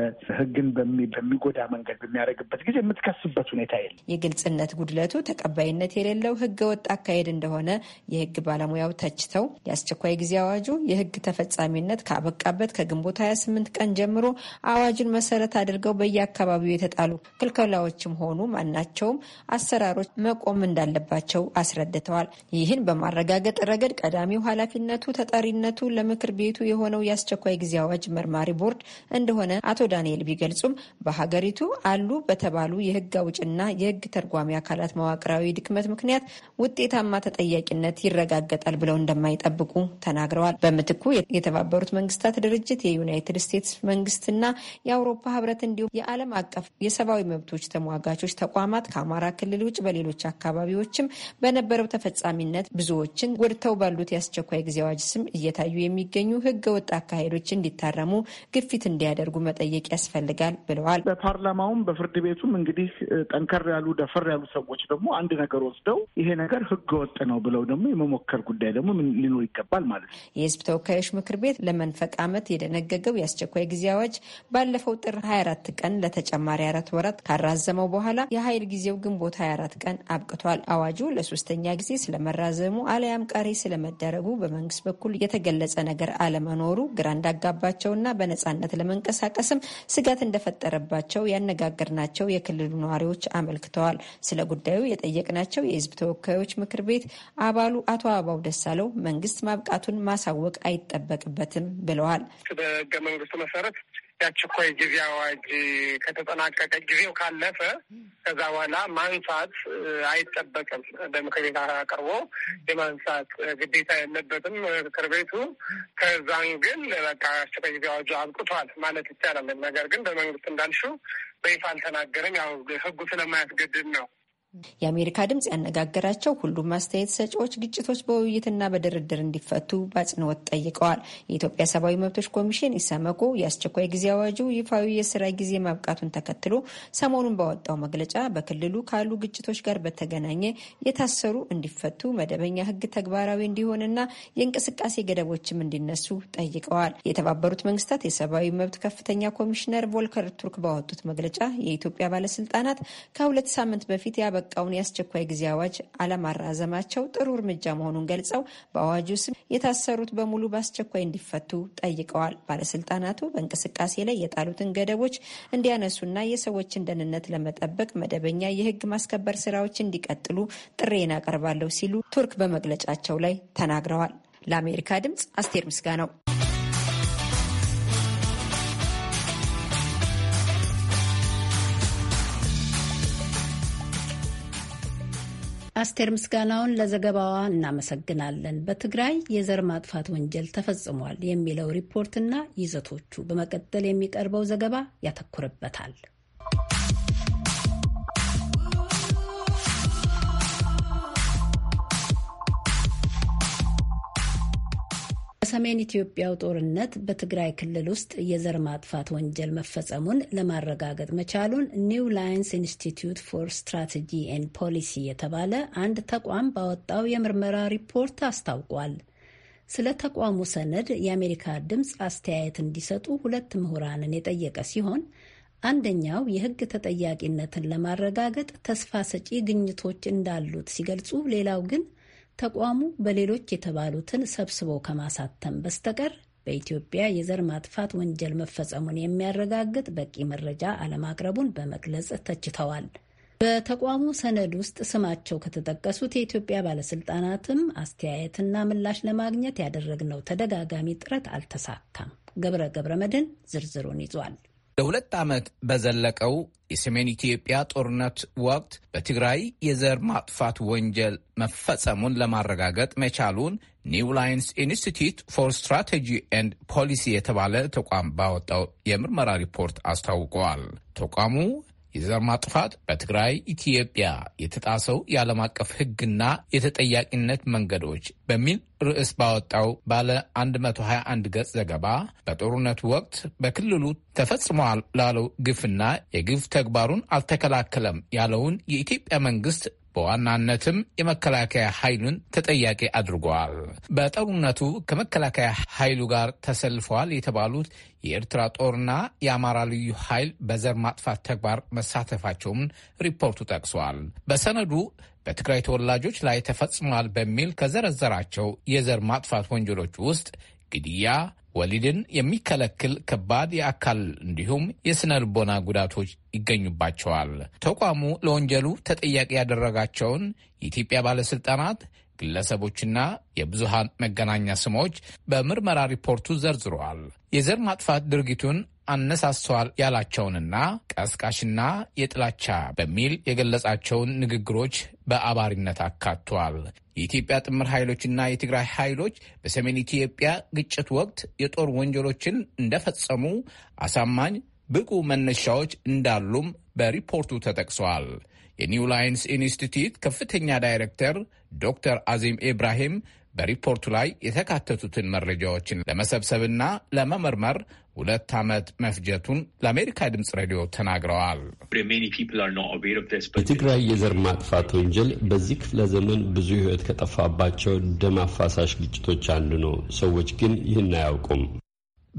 ህግን በሚጎዳ መንገድ በሚያደርግበት ጊዜ የምትከስበት ሁኔታ የለም። የግልጽነት ጉድለቱ ተቀባይነት የሌለው ህገ ወጥ አካሄድ እንደሆነ የህግ ባለሙያው ተችተው የአስቸኳይ ጊዜ አዋጁ የህግ ተፈጻሚነት ካበቃበት ከግንቦት 28 ቀን ጀምሮ አዋጁን መሰረት አድርገው በየአካባቢው የተጣሉ ክልከላዎችም ሆኑ ማናቸውም አሰራሮች መቆም እንዳለባቸው አስረድተዋል። ይህን በማረጋገጥ ረገድ ቀዳሚው ኃላፊነቱ ተጠሪነቱ ለምክር ቤቱ የሆነው የአስቸኳይ ጊዜ አዋጅ መርማሪ ቦርድ እንደሆነ አቶ ዳንኤል ቢገልጹም በሀገሪቱ አሉ በተባሉ የህግ አውጭና የህግ ተርጓሚ አካላት መዋቅራዊ ድክመት ምክንያት ውጤታማ ተጠያቂነት ደህንነት ይረጋገጣል ብለው እንደማይጠብቁ ተናግረዋል። በምትኩ የተባበሩት መንግስታት ድርጅት፣ የዩናይትድ ስቴትስ መንግስትና የአውሮፓ ህብረት እንዲሁም የዓለም አቀፍ የሰብአዊ መብቶች ተሟጋቾች ተቋማት ከአማራ ክልል ውጭ በሌሎች አካባቢዎችም በነበረው ተፈጻሚነት ብዙዎችን ጎድተው ባሉት የአስቸኳይ ጊዜ አዋጅ ስም እየታዩ የሚገኙ ህገወጥ አካሄዶች እንዲታረሙ ግፊት እንዲያደርጉ መጠየቅ ያስፈልጋል ብለዋል። በፓርላማውም በፍርድ ቤቱም እንግዲህ ጠንከር ያሉ ደፈር ያሉ ሰዎች ደግሞ አንድ ነገር ወስደው ይሄ ነገር ህገወጥ ነው ብለው ደግሞ የመሞከር ጉዳይ ደግሞ ሊኖር ይገባል ማለት ነው። የህዝብ ተወካዮች ምክር ቤት ለመንፈቅ ዓመት የደነገገው የአስቸኳይ ጊዜ አዋጅ ባለፈው ጥር 24 ቀን ለተጨማሪ አራት ወራት ካራዘመው በኋላ የኃይል ጊዜው ግንቦት 24 ቀን አብቅቷል። አዋጁ ለሶስተኛ ጊዜ ስለመራዘሙ አለያም ቀሪ ስለመደረጉ በመንግስት በኩል የተገለጸ ነገር አለመኖሩ ግራ እንዳጋባቸውና በነፃነት ለመንቀሳቀስም ስጋት እንደፈጠረባቸው ያነጋገርናቸው የክልሉ ነዋሪዎች አመልክተዋል። ስለ ጉዳዩ የጠየቅናቸው የህዝብ ተወካዮች ምክር ቤት አባ እንዳሉ አቶ አበባው ደሳለው መንግስት ማብቃቱን ማሳወቅ አይጠበቅበትም ብለዋል። በህገ መንግስቱ መሰረት የአስቸኳይ ጊዜ አዋጅ ከተጠናቀቀ ጊዜው ካለፈ ከዛ በኋላ ማንሳት አይጠበቅም። በምክር ቤት አቅርቦ የማንሳት ግዴታ የለበትም ምክር ቤቱ። ከዛን ግን በቃ አስቸኳይ ጊዜ አዋጁ አብቅቷል ማለት ይቻላል። ነገር ግን በመንግስት እንዳልሽው በይፋ አልተናገርም። ያው ህጉ ስለማያስገድድ ነው። የአሜሪካ ድምፅ ያነጋገራቸው ሁሉም አስተያየት ሰጪዎች ግጭቶች በውይይትና በድርድር እንዲፈቱ በአጽንኦት ጠይቀዋል። የኢትዮጵያ ሰብአዊ መብቶች ኮሚሽን ኢሰመኮ የአስቸኳይ ጊዜ አዋጁ ይፋዊ የስራ ጊዜ ማብቃቱን ተከትሎ ሰሞኑን ባወጣው መግለጫ በክልሉ ካሉ ግጭቶች ጋር በተገናኘ የታሰሩ እንዲፈቱ፣ መደበኛ ህግ ተግባራዊ እንዲሆንና የእንቅስቃሴ ገደቦችም እንዲነሱ ጠይቀዋል። የተባበሩት መንግስታት የሰብአዊ መብት ከፍተኛ ኮሚሽነር ቮልከር ቱርክ ባወጡት መግለጫ የኢትዮጵያ ባለስልጣናት ከሁለት ሳምንት በፊት ያበ የወጣውን የአስቸኳይ ጊዜ አዋጅ አለማራዘማቸው ጥሩ እርምጃ መሆኑን ገልጸው በአዋጁ ስም የታሰሩት በሙሉ በአስቸኳይ እንዲፈቱ ጠይቀዋል። ባለስልጣናቱ በእንቅስቃሴ ላይ የጣሉትን ገደቦች እንዲያነሱና የሰዎችን ደህንነት ለመጠበቅ መደበኛ የህግ ማስከበር ስራዎች እንዲቀጥሉ ጥሬን አቀርባለሁ ሲሉ ቱርክ በመግለጫቸው ላይ ተናግረዋል። ለአሜሪካ ድምፅ አስቴር ነው። አስቴር ምስጋናውን ለዘገባዋ እናመሰግናለን። በትግራይ የዘር ማጥፋት ወንጀል ተፈጽሟል የሚለው ሪፖርትና ይዘቶቹ በመቀጠል የሚቀርበው ዘገባ ያተኩርበታል። በሰሜን ኢትዮጵያው ጦርነት በትግራይ ክልል ውስጥ የዘር ማጥፋት ወንጀል መፈጸሙን ለማረጋገጥ መቻሉን ኒው ላይንስ ኢንስቲትዩት ፎር ስትራቴጂ ኤንድ ፖሊሲ የተባለ አንድ ተቋም ባወጣው የምርመራ ሪፖርት አስታውቋል። ስለ ተቋሙ ሰነድ የአሜሪካ ድምፅ አስተያየት እንዲሰጡ ሁለት ምሁራንን የጠየቀ ሲሆን አንደኛው የሕግ ተጠያቂነትን ለማረጋገጥ ተስፋ ሰጪ ግኝቶች እንዳሉት ሲገልጹ፣ ሌላው ግን ተቋሙ በሌሎች የተባሉትን ሰብስቦ ከማሳተም በስተቀር በኢትዮጵያ የዘር ማጥፋት ወንጀል መፈጸሙን የሚያረጋግጥ በቂ መረጃ አለማቅረቡን በመግለጽ ተችተዋል። በተቋሙ ሰነድ ውስጥ ስማቸው ከተጠቀሱት የኢትዮጵያ ባለስልጣናትም አስተያየትና ምላሽ ለማግኘት ያደረግነው ተደጋጋሚ ጥረት አልተሳካም። ገብረ ገብረ መድህን ዝርዝሩን ይዟል። ለሁለት ዓመት በዘለቀው የሰሜን ኢትዮጵያ ጦርነት ወቅት በትግራይ የዘር ማጥፋት ወንጀል መፈጸሙን ለማረጋገጥ መቻሉን ኒው ላይንስ ኢንስቲትዩት ፎር ስትራቴጂ ኤንድ ፖሊሲ የተባለ ተቋም ባወጣው የምርመራ ሪፖርት አስታውቀዋል። ተቋሙ የዘር ማጥፋት በትግራይ ኢትዮጵያ የተጣሰው የዓለም አቀፍ ሕግና የተጠያቂነት መንገዶች በሚል ርዕስ ባወጣው ባለ 121 ገጽ ዘገባ በጦርነቱ ወቅት በክልሉ ተፈጽሟል ላለው ግፍና የግፍ ተግባሩን አልተከላከለም ያለውን የኢትዮጵያ መንግስት በዋናነትም የመከላከያ ኃይሉን ተጠያቂ አድርጓል። በጦርነቱ ከመከላከያ ኃይሉ ጋር ተሰልፈዋል የተባሉት የኤርትራ ጦርና የአማራ ልዩ ኃይል በዘር ማጥፋት ተግባር መሳተፋቸውን ሪፖርቱ ጠቅሷል። በሰነዱ በትግራይ ተወላጆች ላይ ተፈጽሟል በሚል ከዘረዘራቸው የዘር ማጥፋት ወንጀሎች ውስጥ ግድያ፣ ወሊድን የሚከለክል ከባድ የአካል እንዲሁም የስነ ልቦና ጉዳቶች ይገኙባቸዋል። ተቋሙ ለወንጀሉ ተጠያቂ ያደረጋቸውን የኢትዮጵያ ባለሥልጣናት፣ ግለሰቦችና የብዙሃን መገናኛ ስሞች በምርመራ ሪፖርቱ ዘርዝረዋል። የዘር ማጥፋት ድርጊቱን አነሳስተዋል ያላቸውንና ቀስቃሽና የጥላቻ በሚል የገለጻቸውን ንግግሮች በአባሪነት አካቷል። የኢትዮጵያ ጥምር ኃይሎችና የትግራይ ኃይሎች በሰሜን ኢትዮጵያ ግጭት ወቅት የጦር ወንጀሎችን እንደፈጸሙ አሳማኝ ብቁ መነሻዎች እንዳሉም በሪፖርቱ ተጠቅሰዋል። የኒው ላይንስ ኢንስቲትዩት ከፍተኛ ዳይሬክተር ዶክተር አዚም ኢብራሂም በሪፖርቱ ላይ የተካተቱትን መረጃዎችን ለመሰብሰብና ለመመርመር ሁለት ዓመት መፍጀቱን ለአሜሪካ ድምፅ ሬዲዮ ተናግረዋል። የትግራይ የዘር ማጥፋት ወንጀል በዚህ ክፍለ ዘመን ብዙ ሕይወት ከጠፋባቸው ደም አፋሳሽ ግጭቶች አንዱ ነው። ሰዎች ግን ይህን አያውቁም።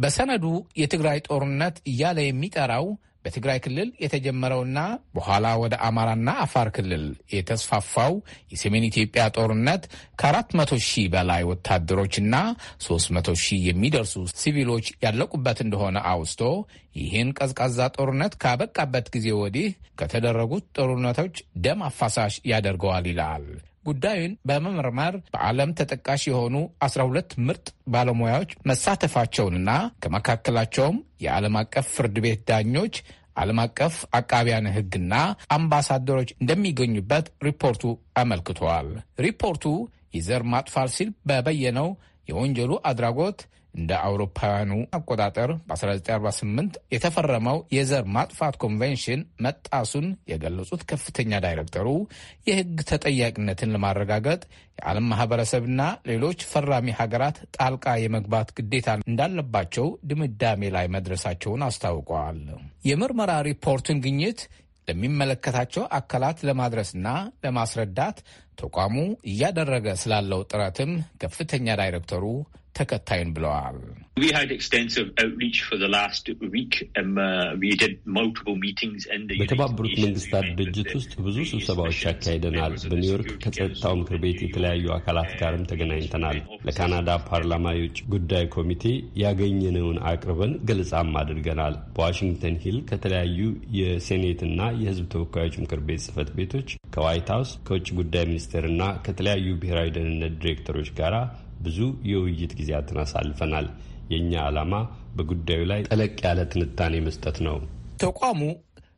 በሰነዱ የትግራይ ጦርነት እያለ የሚጠራው በትግራይ ክልል የተጀመረውና በኋላ ወደ አማራና አፋር ክልል የተስፋፋው የሰሜን ኢትዮጵያ ጦርነት ከአራት መቶ ሺህ በላይ ወታደሮችና ሶስት መቶ ሺህ የሚደርሱ ሲቪሎች ያለቁበት እንደሆነ አውስቶ ይህን ቀዝቃዛ ጦርነት ካበቃበት ጊዜ ወዲህ ከተደረጉት ጦርነቶች ደም አፋሳሽ ያደርገዋል ይላል። ጉዳዩን በመመርመር በዓለም ተጠቃሽ የሆኑ 12 ምርጥ ባለሙያዎች መሳተፋቸውንና ከመካከላቸውም የዓለም አቀፍ ፍርድ ቤት ዳኞች፣ ዓለም አቀፍ አቃቢያን ሕግና አምባሳደሮች እንደሚገኙበት ሪፖርቱ አመልክቷል። ሪፖርቱ የዘር ማጥፋት ሲል በበየነው የወንጀሉ አድራጎት እንደ አውሮፓውያኑ አቆጣጠር በ1948 የተፈረመው የዘር ማጥፋት ኮንቬንሽን መጣሱን የገለጹት ከፍተኛ ዳይሬክተሩ የሕግ ተጠያቂነትን ለማረጋገጥ የዓለም ማህበረሰብና ሌሎች ፈራሚ ሀገራት ጣልቃ የመግባት ግዴታ እንዳለባቸው ድምዳሜ ላይ መድረሳቸውን አስታውቀዋል። የምርመራ ሪፖርቱን ግኝት ለሚመለከታቸው አካላት ለማድረስና ለማስረዳት ተቋሙ እያደረገ ስላለው ጥረትም ከፍተኛ ዳይሬክተሩ ተከታዩን ብለዋል። um, uh, በተባበሩት መንግስታት ድርጅት ውስጥ ብዙ ስብሰባዎች አካሂደናል በኒውዮርክ ከጸጥታው ምክር ቤት የተለያዩ አካላት ጋርም ተገናኝተናል። ለካናዳ ፓርላማ የውጭ ጉዳይ ኮሚቴ ያገኘነውን አቅርበን ገለጻም አድርገናል። በዋሽንግተን ሂል ከተለያዩ የሴኔትና የህዝብ ተወካዮች ምክር ቤት ጽህፈት ቤቶች ከዋይት ሀውስ ከውጭ ጉዳይ ሚኒስቴርና ከተለያዩ ብሔራዊ ደህንነት ዲሬክተሮች ጋር ብዙ የውይይት ጊዜያትን አሳልፈናል። የእኛ ዓላማ በጉዳዩ ላይ ጠለቅ ያለ ትንታኔ መስጠት ነው። ተቋሙ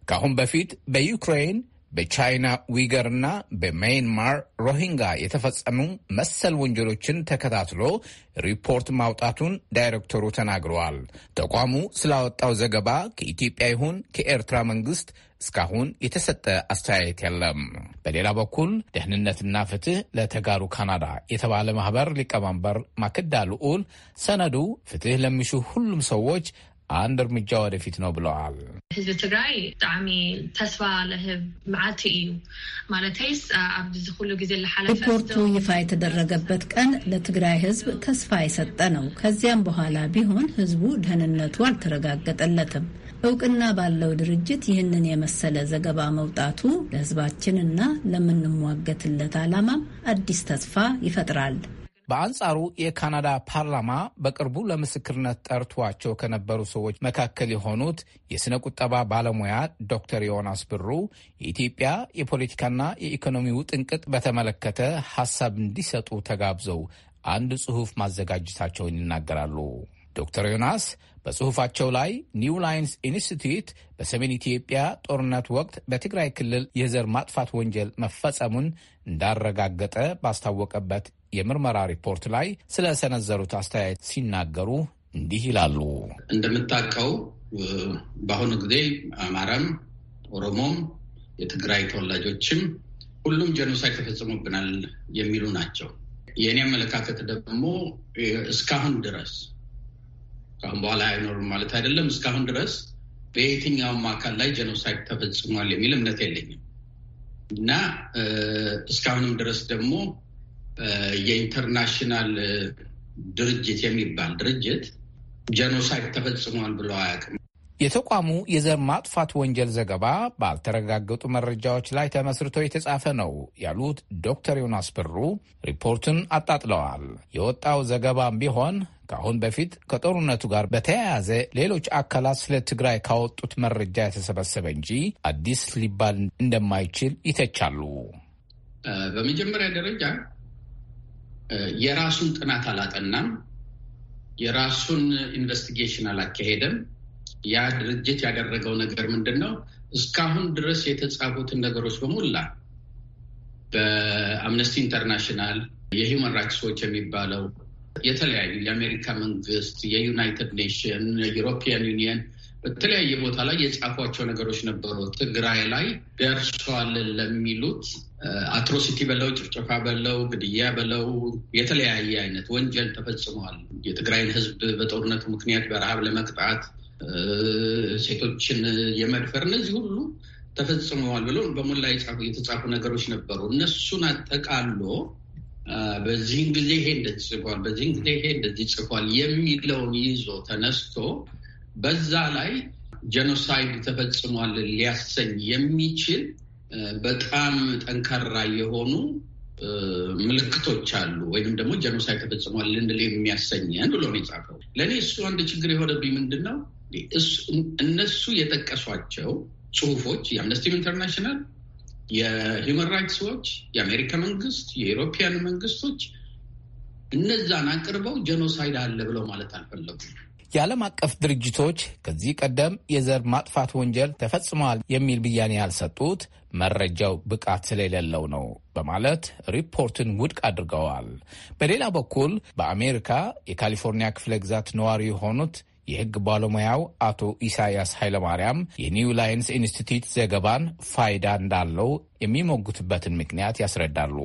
ከአሁን በፊት በዩክሬን በቻይና ዊገር ና በሜይንማር ሮሂንጋ የተፈጸሙ መሰል ወንጀሎችን ተከታትሎ ሪፖርት ማውጣቱን ዳይሬክተሩ ተናግረዋል። ተቋሙ ስላወጣው ዘገባ ከኢትዮጵያ ይሁን ከኤርትራ መንግስት እስካሁን የተሰጠ አስተያየት የለም። በሌላ በኩል ደህንነትና ፍትህ ለተጋሩ ካናዳ የተባለ ማህበር ሊቀመንበር ማክዳ ልዑል ሰነዱ ፍትህ ለሚሹ ሁሉም ሰዎች አንድ እርምጃ ወደፊት ነው ብለዋል። ህዝቢ ትግራይ ብጣዕሚ ተስፋ ለህብ መዓልቲ እዩ ማለተይስ ኣብዚ ኩሉ ግዜ ዝሓለፈ ሪፖርቱ ይፋ የተደረገበት ቀን ለትግራይ ህዝብ ተስፋ የሰጠ ነው። ከዚያም በኋላ ቢሆን ህዝቡ ደህንነቱ አልተረጋገጠለትም። እውቅና ባለው ድርጅት ይህንን የመሰለ ዘገባ መውጣቱ ለህዝባችንና ለምንሟገትለት ዓላማ አዲስ ተስፋ ይፈጥራል። በአንጻሩ የካናዳ ፓርላማ በቅርቡ ለምስክርነት ጠርቷቸው ከነበሩ ሰዎች መካከል የሆኑት የሥነ ቁጠባ ባለሙያ ዶክተር ዮናስ ብሩ የኢትዮጵያ የፖለቲካና የኢኮኖሚው ጥንቅጥ በተመለከተ ሐሳብ እንዲሰጡ ተጋብዘው አንድ ጽሑፍ ማዘጋጀታቸውን ይናገራሉ። ዶክተር ዮናስ በጽሑፋቸው ላይ ኒው ላይንስ ኢንስቲትዩት በሰሜን ኢትዮጵያ ጦርነት ወቅት በትግራይ ክልል የዘር ማጥፋት ወንጀል መፈጸሙን እንዳረጋገጠ ባስታወቀበት የምርመራ ሪፖርት ላይ ስለሰነዘሩት አስተያየት ሲናገሩ እንዲህ ይላሉ። እንደምታውቀው በአሁኑ ጊዜ አማራም፣ ኦሮሞም፣ የትግራይ ተወላጆችም ሁሉም ጀኖሳይድ ተፈጽሞብናል የሚሉ ናቸው። የእኔ አመለካከት ደግሞ እስካሁን ድረስ ከአሁን በኋላ አይኖርም ማለት አይደለም። እስካሁን ድረስ በየትኛውም አካል ላይ ጀኖሳይድ ተፈጽሟል የሚል እምነት የለኝም እና እስካሁንም ድረስ ደግሞ የኢንተርናሽናል ድርጅት የሚባል ድርጅት ጀኖሳይድ ተፈጽሟል ብሎ አያውቅም። የተቋሙ የዘር ማጥፋት ወንጀል ዘገባ ባልተረጋገጡ መረጃዎች ላይ ተመስርቶ የተጻፈ ነው ያሉት ዶክተር ዮናስ ብሩ ሪፖርቱን አጣጥለዋል። የወጣው ዘገባም ቢሆን ከአሁን በፊት ከጦርነቱ ጋር በተያያዘ ሌሎች አካላት ስለ ትግራይ ካወጡት መረጃ የተሰበሰበ እንጂ አዲስ ሊባል እንደማይችል ይተቻሉ። በመጀመሪያ ደረጃ የራሱን ጥናት አላጠናም፣ የራሱን ኢንቨስቲጌሽን አላካሄደም። ያ ድርጅት ያደረገው ነገር ምንድን ነው? እስካሁን ድረስ የተጻፉትን ነገሮች በሞላ በአምነስቲ ኢንተርናሽናል የሂውማን ራይትስ ዎች የሚባለው የተለያዩ የአሜሪካ መንግስት፣ የዩናይትድ ኔሽን፣ የዩሮፒያን ዩኒየን በተለያየ ቦታ ላይ የጻፏቸው ነገሮች ነበሩ። ትግራይ ላይ ደርሷል ለሚሉት አትሮሲቲ በለው ጭፍጨፋ በለው ግድያ በለው የተለያየ አይነት ወንጀል ተፈጽመዋል። የትግራይን ህዝብ በጦርነቱ ምክንያት በረሃብ ለመቅጣት ሴቶችን የመድፈር እነዚህ ሁሉ ተፈጽመዋል ብለው በሞላ የተጻፉ ነገሮች ነበሩ። እነሱን አጠቃሎ በዚህን ጊዜ ይሄ እንደዚህ ጽፏል፣ በዚህን ጊዜ ይሄ እንደዚህ ጽፏል የሚለውን ይዞ ተነስቶ በዛ ላይ ጀኖሳይድ ተፈጽሟል ሊያሰኝ የሚችል በጣም ጠንካራ የሆኑ ምልክቶች አሉ። ወይም ደግሞ ጀኖሳይድ ተፈጽሟል ልንል የሚያሰኘን ብሎ ነው የጻፈው። ለእኔ እሱ አንድ ችግር የሆነብኝ ምንድን ነው እነሱ የጠቀሷቸው ጽሁፎች የአምነስቲም ኢንተርናሽናል የሂውማን ራይትስ ዎች፣ የአሜሪካ መንግስት፣ የኢሮፒያን መንግስቶች እነዛን አቅርበው ጀኖሳይድ አለ ብለው ማለት አልፈለጉም። የዓለም አቀፍ ድርጅቶች ከዚህ ቀደም የዘር ማጥፋት ወንጀል ተፈጽመዋል የሚል ብያኔ ያልሰጡት መረጃው ብቃት ስለሌለው ነው በማለት ሪፖርትን ውድቅ አድርገዋል። በሌላ በኩል በአሜሪካ የካሊፎርኒያ ክፍለ ግዛት ነዋሪ የሆኑት የህግ ባለሙያው አቶ ኢሳያስ ኃይለማርያም የኒው ላይንስ ኢንስቲትዩት ዘገባን ፋይዳ እንዳለው የሚሞግቱበትን ምክንያት ያስረዳሉ።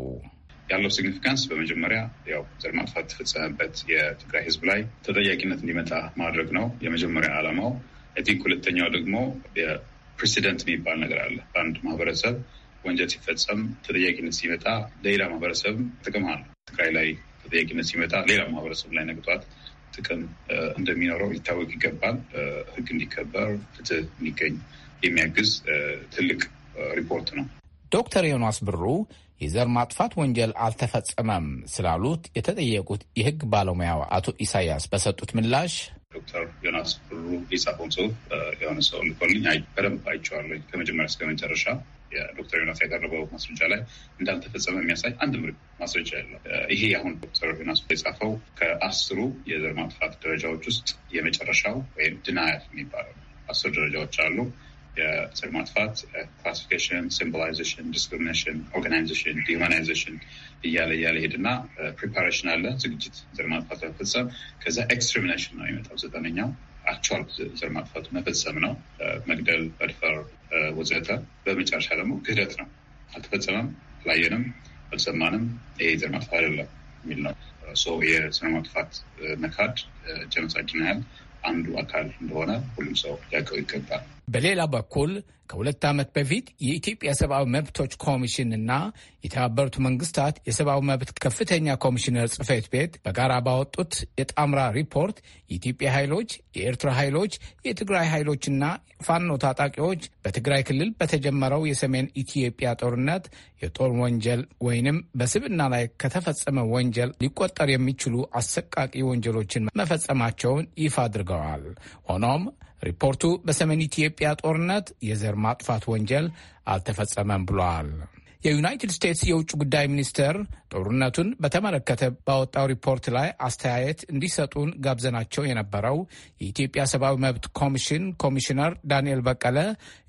ያለው ሲግኒፊካንስ በመጀመሪያ ያው ዘር ማጥፋት የተፈጸመበት የትግራይ ህዝብ ላይ ተጠያቂነት እንዲመጣ ማድረግ ነው የመጀመሪያ ዓላማው። አይ ቲንክ ሁለተኛው ደግሞ የፕሬሲደንት የሚባል ነገር አለ። በአንድ ማህበረሰብ ወንጀል ሲፈጸም ተጠያቂነት ሲመጣ ሌላ ማህበረሰብ ጥቅም አለ። ትግራይ ላይ ተጠያቂነት ሲመጣ ሌላ ማህበረሰብ ላይ ነግጧት ጥቅም እንደሚኖረው ሊታወቅ ይገባል። ህግ እንዲከበር፣ ፍትህ እንዲገኝ የሚያግዝ ትልቅ ሪፖርት ነው። ዶክተር ዮናስ ብሩ የዘር ማጥፋት ወንጀል አልተፈጸመም ስላሉት የተጠየቁት የህግ ባለሙያው አቶ ኢሳያስ በሰጡት ምላሽ ዶክተር ዮናስ ብሩ የጻፈውን ጽሁፍ የሆነ ሰው ልኮልኝ በደንብ አይቼዋለሁ ከመጀመሪያ እስከ መጨረሻ የዶክተር ዮናስ ያቀረበው ማስረጃ ላይ እንዳልተፈጸመ የሚያሳይ አንድ ምር ማስረጃ የለም። ይሄ አሁን ዶክተር ዮናስ የጻፈው ከአስሩ የዘር ማጥፋት ደረጃዎች ውስጥ የመጨረሻው ወይም ድናያት የሚባለው አስር ደረጃዎች አሉ። የዘር ማጥፋት ክላሲፊኬሽን፣ ሲምቦላይዜሽን፣ ዲስክሪሚኔሽን፣ ኦርጋናይዜሽን፣ ዲሁማናይዜሽን እያለ እያለ ሄድና ፕሪፓሬሽን አለ ዝግጅት ዘር ማጥፋት ለመፈጸም ከዛ ኤክስትሪሚኔሽን ነው የሚመጣው ዘጠነኛው አክቹዋል ዘር ማጥፋት መፈጸም ነው፣ መግደል፣ መድፈር ወዘተ። በመጨረሻ ደግሞ ክህደት ነው። አልተፈጸመም፣ አላየንም፣ አልሰማንም፣ ይሄ ዘር ማጥፋት አይደለም የሚል ነው። የዘር ማጥፋት መካድ ጀኖሳይድን ያህል አንዱ አካል እንደሆነ ሁሉም ሰው ያውቀው ይገባል። በሌላ በኩል ከሁለት ዓመት በፊት የኢትዮጵያ ሰብአዊ መብቶች ኮሚሽን እና የተባበሩት መንግስታት የሰብአዊ መብት ከፍተኛ ኮሚሽነር ጽፈት ቤት በጋራ ባወጡት የጣምራ ሪፖርት የኢትዮጵያ ኃይሎች፣ የኤርትራ ኃይሎች፣ የትግራይ ኃይሎችና ፋኖ ታጣቂዎች በትግራይ ክልል በተጀመረው የሰሜን ኢትዮጵያ ጦርነት የጦር ወንጀል ወይንም በስብና ላይ ከተፈጸመ ወንጀል ሊቆጠር የሚችሉ አሰቃቂ ወንጀሎችን መፈጸማቸውን ይፋ አድርገዋል። አድርገዋል። ሆኖም ሪፖርቱ በሰሜን ኢትዮጵያ ጦርነት የዘር ማጥፋት ወንጀል አልተፈጸመም ብሏል። የዩናይትድ ስቴትስ የውጭ ጉዳይ ሚኒስትር ጦርነቱን በተመለከተ ባወጣው ሪፖርት ላይ አስተያየት እንዲሰጡን ጋብዘናቸው የነበረው የኢትዮጵያ ሰብአዊ መብት ኮሚሽን ኮሚሽነር ዳንኤል በቀለ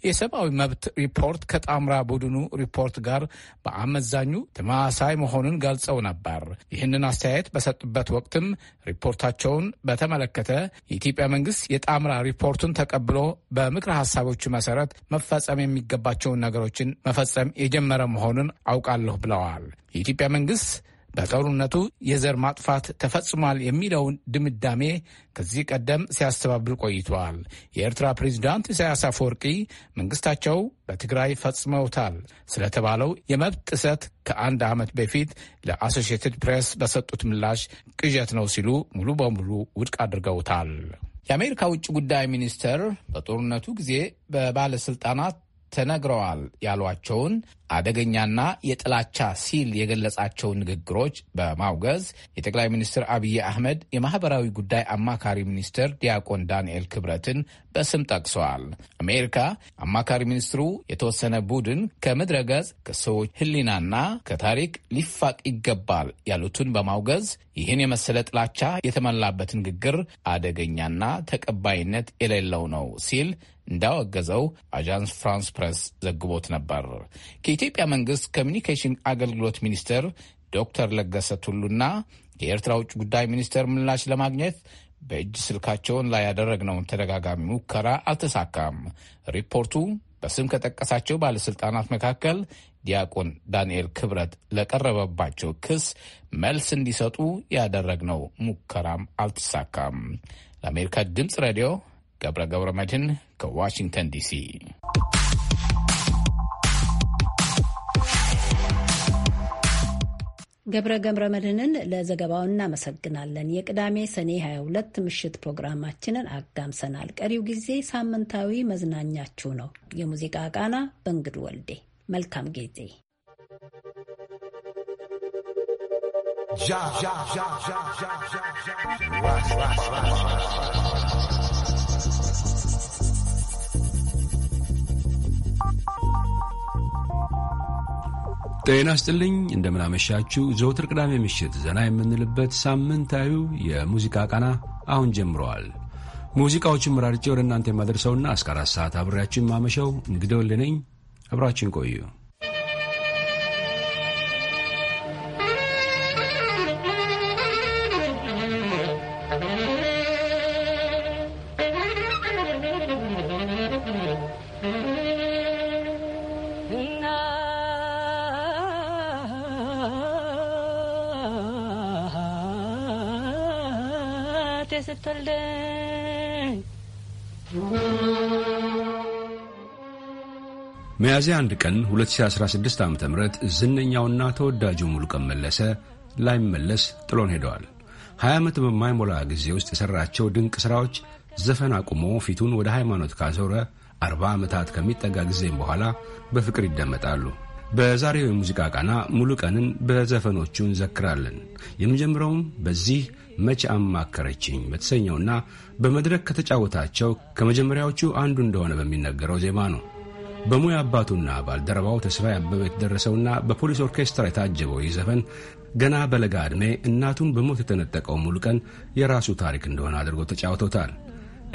የሰብአዊ መብት ሪፖርት ከጣምራ ቡድኑ ሪፖርት ጋር በአመዛኙ ተመሳሳይ መሆኑን ገልጸው ነበር። ይህንን አስተያየት በሰጡበት ወቅትም ሪፖርታቸውን በተመለከተ የኢትዮጵያ መንግስት የጣምራ ሪፖርቱን ተቀብሎ በምክረ ሀሳቦቹ መሰረት መፈጸም የሚገባቸውን ነገሮችን መፈጸም የጀመረ መሆኑን መሆኑን አውቃለሁ ብለዋል። የኢትዮጵያ መንግስት በጦርነቱ የዘር ማጥፋት ተፈጽሟል የሚለውን ድምዳሜ ከዚህ ቀደም ሲያስተባብል ቆይቷል። የኤርትራ ፕሬዚዳንት ኢሳያስ አፈወርቂ መንግስታቸው በትግራይ ፈጽመውታል ስለተባለው የመብት ጥሰት ከአንድ ዓመት በፊት ለአሶሺየትድ ፕሬስ በሰጡት ምላሽ ቅዠት ነው ሲሉ ሙሉ በሙሉ ውድቅ አድርገውታል። የአሜሪካ ውጭ ጉዳይ ሚኒስትር በጦርነቱ ጊዜ በባለሥልጣናት ተነግረዋል ያሏቸውን አደገኛና የጥላቻ ሲል የገለጻቸው ንግግሮች በማውገዝ የጠቅላይ ሚኒስትር አብይ አህመድ የማህበራዊ ጉዳይ አማካሪ ሚኒስትር ዲያቆን ዳንኤል ክብረትን በስም ጠቅሰዋል። አሜሪካ አማካሪ ሚኒስትሩ የተወሰነ ቡድን ከምድረ ገጽ ከሰዎች ሕሊናና ከታሪክ ሊፋቅ ይገባል ያሉትን በማውገዝ ይህን የመሰለ ጥላቻ የተመላበት ንግግር አደገኛና ተቀባይነት የሌለው ነው ሲል እንዳወገዘው አጃንስ ፍራንስ ፕሬስ ዘግቦት ነበር። የኢትዮጵያ መንግስት ኮሚኒኬሽን አገልግሎት ሚኒስትር ዶክተር ለገሰ ቱሉና የኤርትራ ውጭ ጉዳይ ሚኒስትር ምላሽ ለማግኘት በእጅ ስልካቸውን ላይ ያደረግነውን ተደጋጋሚ ሙከራ አልተሳካም። ሪፖርቱ በስም ከጠቀሳቸው ባለሥልጣናት መካከል ዲያቆን ዳንኤል ክብረት ለቀረበባቸው ክስ መልስ እንዲሰጡ ያደረግነው ሙከራም አልተሳካም። ለአሜሪካ ድምፅ ሬዲዮ ገብረ ገብረ መድህን ከዋሽንግተን ዲሲ ገብረ ገብረ መድህንን ለዘገባው እናመሰግናለን። የቅዳሜ ሰኔ 22 ምሽት ፕሮግራማችንን አጋምሰናል። ቀሪው ጊዜ ሳምንታዊ መዝናኛችሁ ነው። የሙዚቃ ቃና በእንግዱ ወልዴ። መልካም ጊዜ። ዣ ዣ ዣ ዣ ዣ ዣ ጤና ስጥልኝ እንደምናመሻችሁ። ዘውትር ቅዳሜ ምሽት ዘና የምንልበት ሳምንታዊው የሙዚቃ ቃና አሁን ጀምረዋል። ሙዚቃዎቹን መራርጬ ወደ እናንተ የማደርሰውና እስከ አራት ሰዓት አብሬያችሁ የማመሸው እንግደወልነኝ። አብራችን ቆዩ። ሚያዝያ አንድ ቀን 2016 ዓ ም ዝነኛውና ተወዳጁ ሙሉቀን መለሰ ላይመለስ ጥሎን ሄደዋል። 20 ዓመት በማይሞላ ጊዜ ውስጥ የሠራቸው ድንቅ ሥራዎች ዘፈን አቁሞ ፊቱን ወደ ሃይማኖት ካዞረ 40 ዓመታት ከሚጠጋ ጊዜም በኋላ በፍቅር ይደመጣሉ። በዛሬው የሙዚቃ ቃና ሙሉ ቀንን በዘፈኖቹ እንዘክራለን። የምንጀምረውም በዚህ መቼ አማከረችኝ በተሰኘውና በመድረክ ከተጫወታቸው ከመጀመሪያዎቹ አንዱ እንደሆነ በሚነገረው ዜማ ነው። በሙያ አባቱና ባልደረባው ተስፋ ያበበ የተደረሰውና በፖሊስ ኦርኬስትራ የታጀበው ይህ ዘፈን ገና በለጋ ዕድሜ እናቱን በሞት የተነጠቀው ሙሉ ቀን የራሱ ታሪክ እንደሆነ አድርጎ ተጫውቶታል።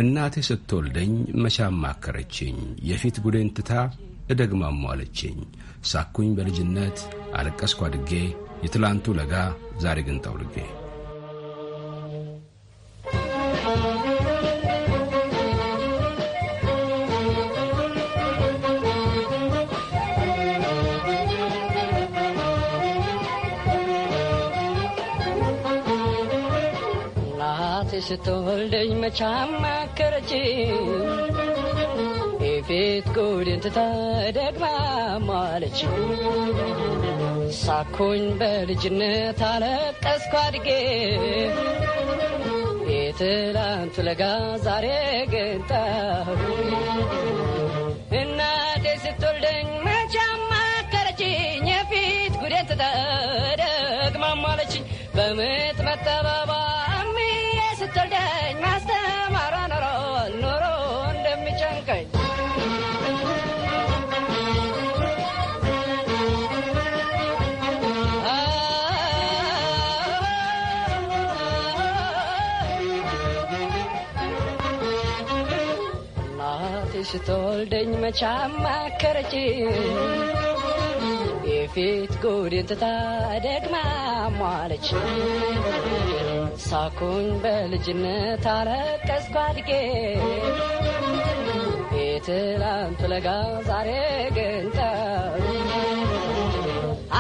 እናቴ ስትወልደኝ መቼ አማከረችኝ፣ የፊት ጉዴን ትታ እደግማሙ አለችኝ። ሳኩኝ በልጅነት አለቀስኩ አድጌ፣ የትላንቱ ለጋ ዛሬ ግን ጠውልጌ ስትወልደኝ መቻ ማከረችኝ ፊት ጉድን ትታ ማለች ሳኩኝ በልጅነት አለቀስኩ አድጌ የትላንቱ ለጋ ዛሬ ገንጣ እናቴ ስትወልደኝ መቻማ ከረችኝ የፊት ጉድን ደግማ ማለች በምት መቻ ማከረች የፊት ጉዴን ትታ ደግማ ሟለች። ሳኩኝ በልጅነት አለቀስኩ አድጌ የትላንቱ ለጋ ዛሬ ግን ጠብ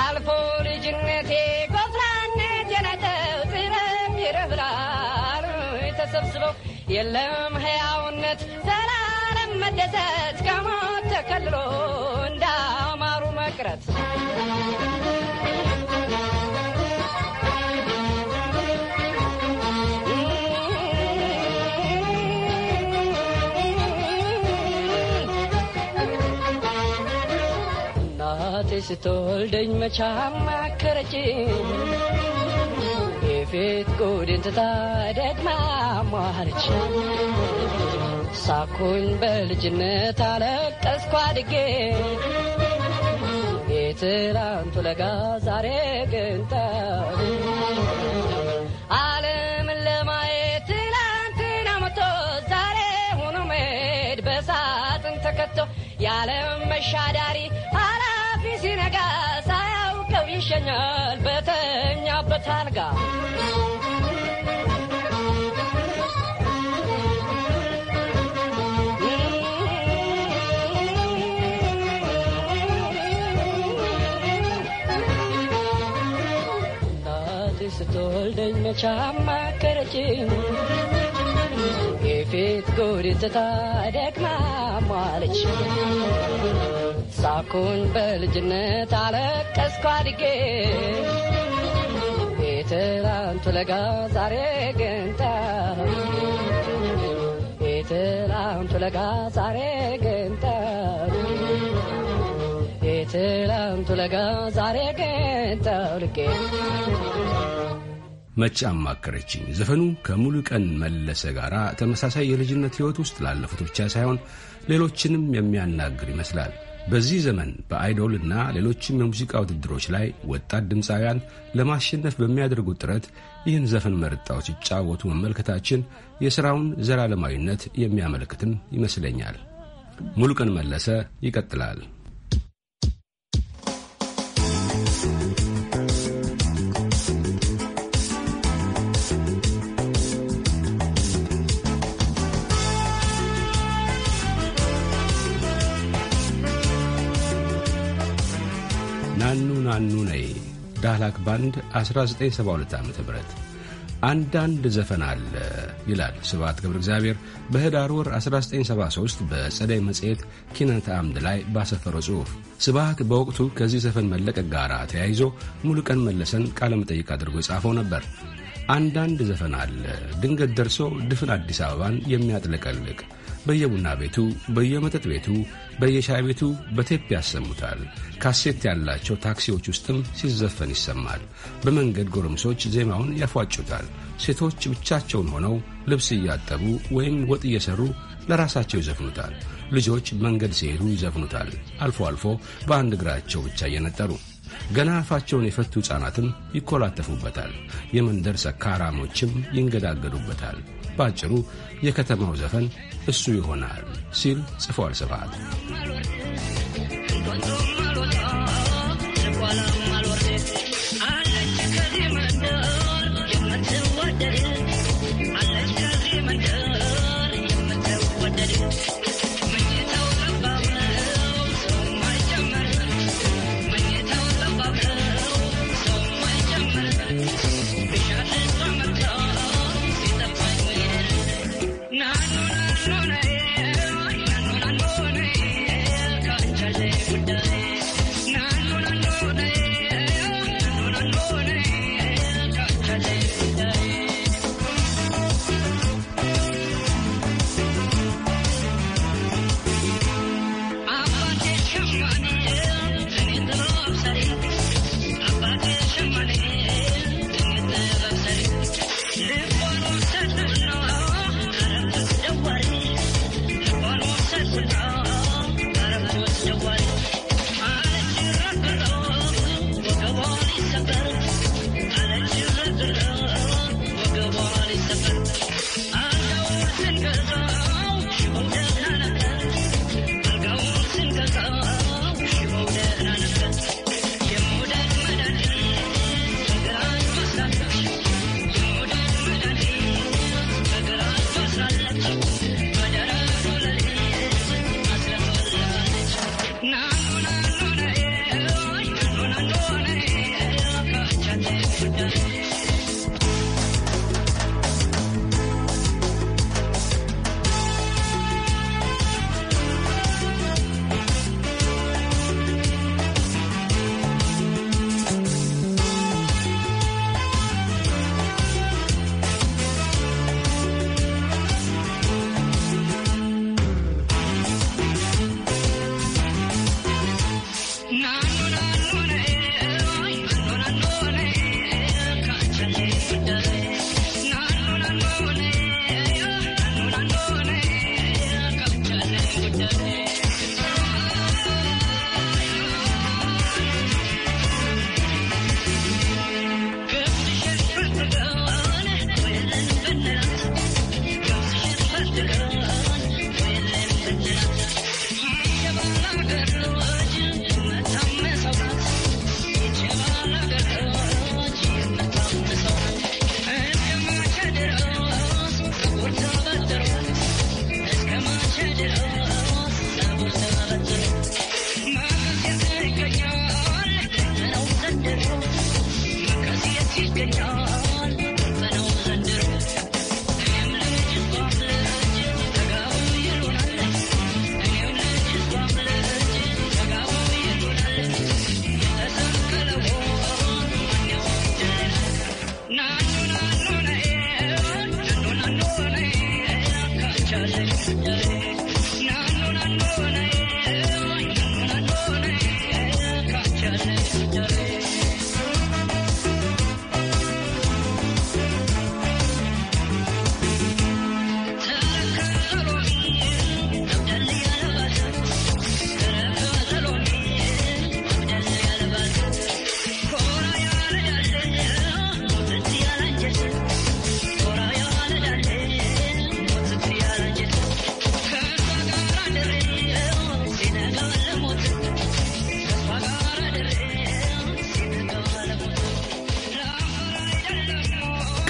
አልፎ ልጅነቴ ጎፍራነት የነጠው ጥረም ይረብራል ተሰብስበው የለም ሕያውነት ዘላ መደሰት ከሞት ተከልሎ እንዳማሩ መቅረት እናቴ ስትወልደኝ መቻ ማከረችኝ የፊት ቆዴን ትታ ደግማ አሟረች ሳኩኝ በልጅነት አለቀስኩ አድጌ የትላንቱ ለጋ ዛሬ ግን ጠብ ለማየት ትላንትና መቶ ዛሬ ሆኖ መሄድ በሳጥን ተከቶ የዓለም መሻዳሪ ኃላፊ ሲነጋ ሳያውቀው ይሸኛል በተኛበት አልጋ ጫማ ከረጅሙ የፊት ጉድትታ ደግማ ሟለች ሳኩን በልጅነት አለቀስኳ አድጌ የትላንቱ ለጋ ዛሬ ገንጣ የትላንቱ ለጋ ዛሬ ገንጣ የትላንቱ ለጋ ዛሬ ገንጣ መች አማከረችኝ ዘፈኑ ከሙሉ ቀን መለሰ ጋር ተመሳሳይ የልጅነት ሕይወት ውስጥ ላለፉት ብቻ ሳይሆን ሌሎችንም የሚያናግር ይመስላል። በዚህ ዘመን በአይዶልና ሌሎችም የሙዚቃ ውድድሮች ላይ ወጣት ድምፃውያን ለማሸነፍ በሚያደርጉት ጥረት ይህን ዘፈን መርጣው ሲጫወቱ መመልከታችን የሥራውን ዘላለማዊነት የሚያመለክትም ይመስለኛል። ሙሉቀን መለሰ ይቀጥላል። ናኑ ናኑ ነይ ዳህላክ ባንድ 1972 ዓ ም አንዳንድ ዘፈን አለ ይላል ስብሐት ገብረ እግዚአብሔር በህዳር ወር 1973 በጸደይ መጽሔት ኪነት አምድ ላይ ባሰፈረው ጽሑፍ። ስብሐት በወቅቱ ከዚህ ዘፈን መለቀቅ ጋር ተያይዞ ሙሉ ቀን መለሰን ቃለመጠይቅ አድርጎ የጻፈው ነበር። አንዳንድ ዘፈን አለ ድንገት ደርሶ ድፍን አዲስ አበባን የሚያጥለቀልቅ በየቡና ቤቱ፣ በየመጠጥ ቤቱ፣ በየሻይ ቤቱ በቴፕ ያሰሙታል። ካሴት ያላቸው ታክሲዎች ውስጥም ሲዘፈን ይሰማል። በመንገድ ጎረምሶች ዜማውን ያፏጩታል። ሴቶች ብቻቸውን ሆነው ልብስ እያጠቡ ወይም ወጥ እየሰሩ ለራሳቸው ይዘፍኑታል። ልጆች መንገድ ሲሄዱ ይዘፍኑታል። አልፎ አልፎ በአንድ እግራቸው ብቻ እየነጠሩ ገና አፋቸውን የፈቱ ሕፃናትም ይኮላተፉበታል። የመንደር ሰካራሞችም ይንገዳገዱበታል። በአጭሩ የከተማው ዘፈን እሱ ይሆናል ሲል ጽፏል ስብሐት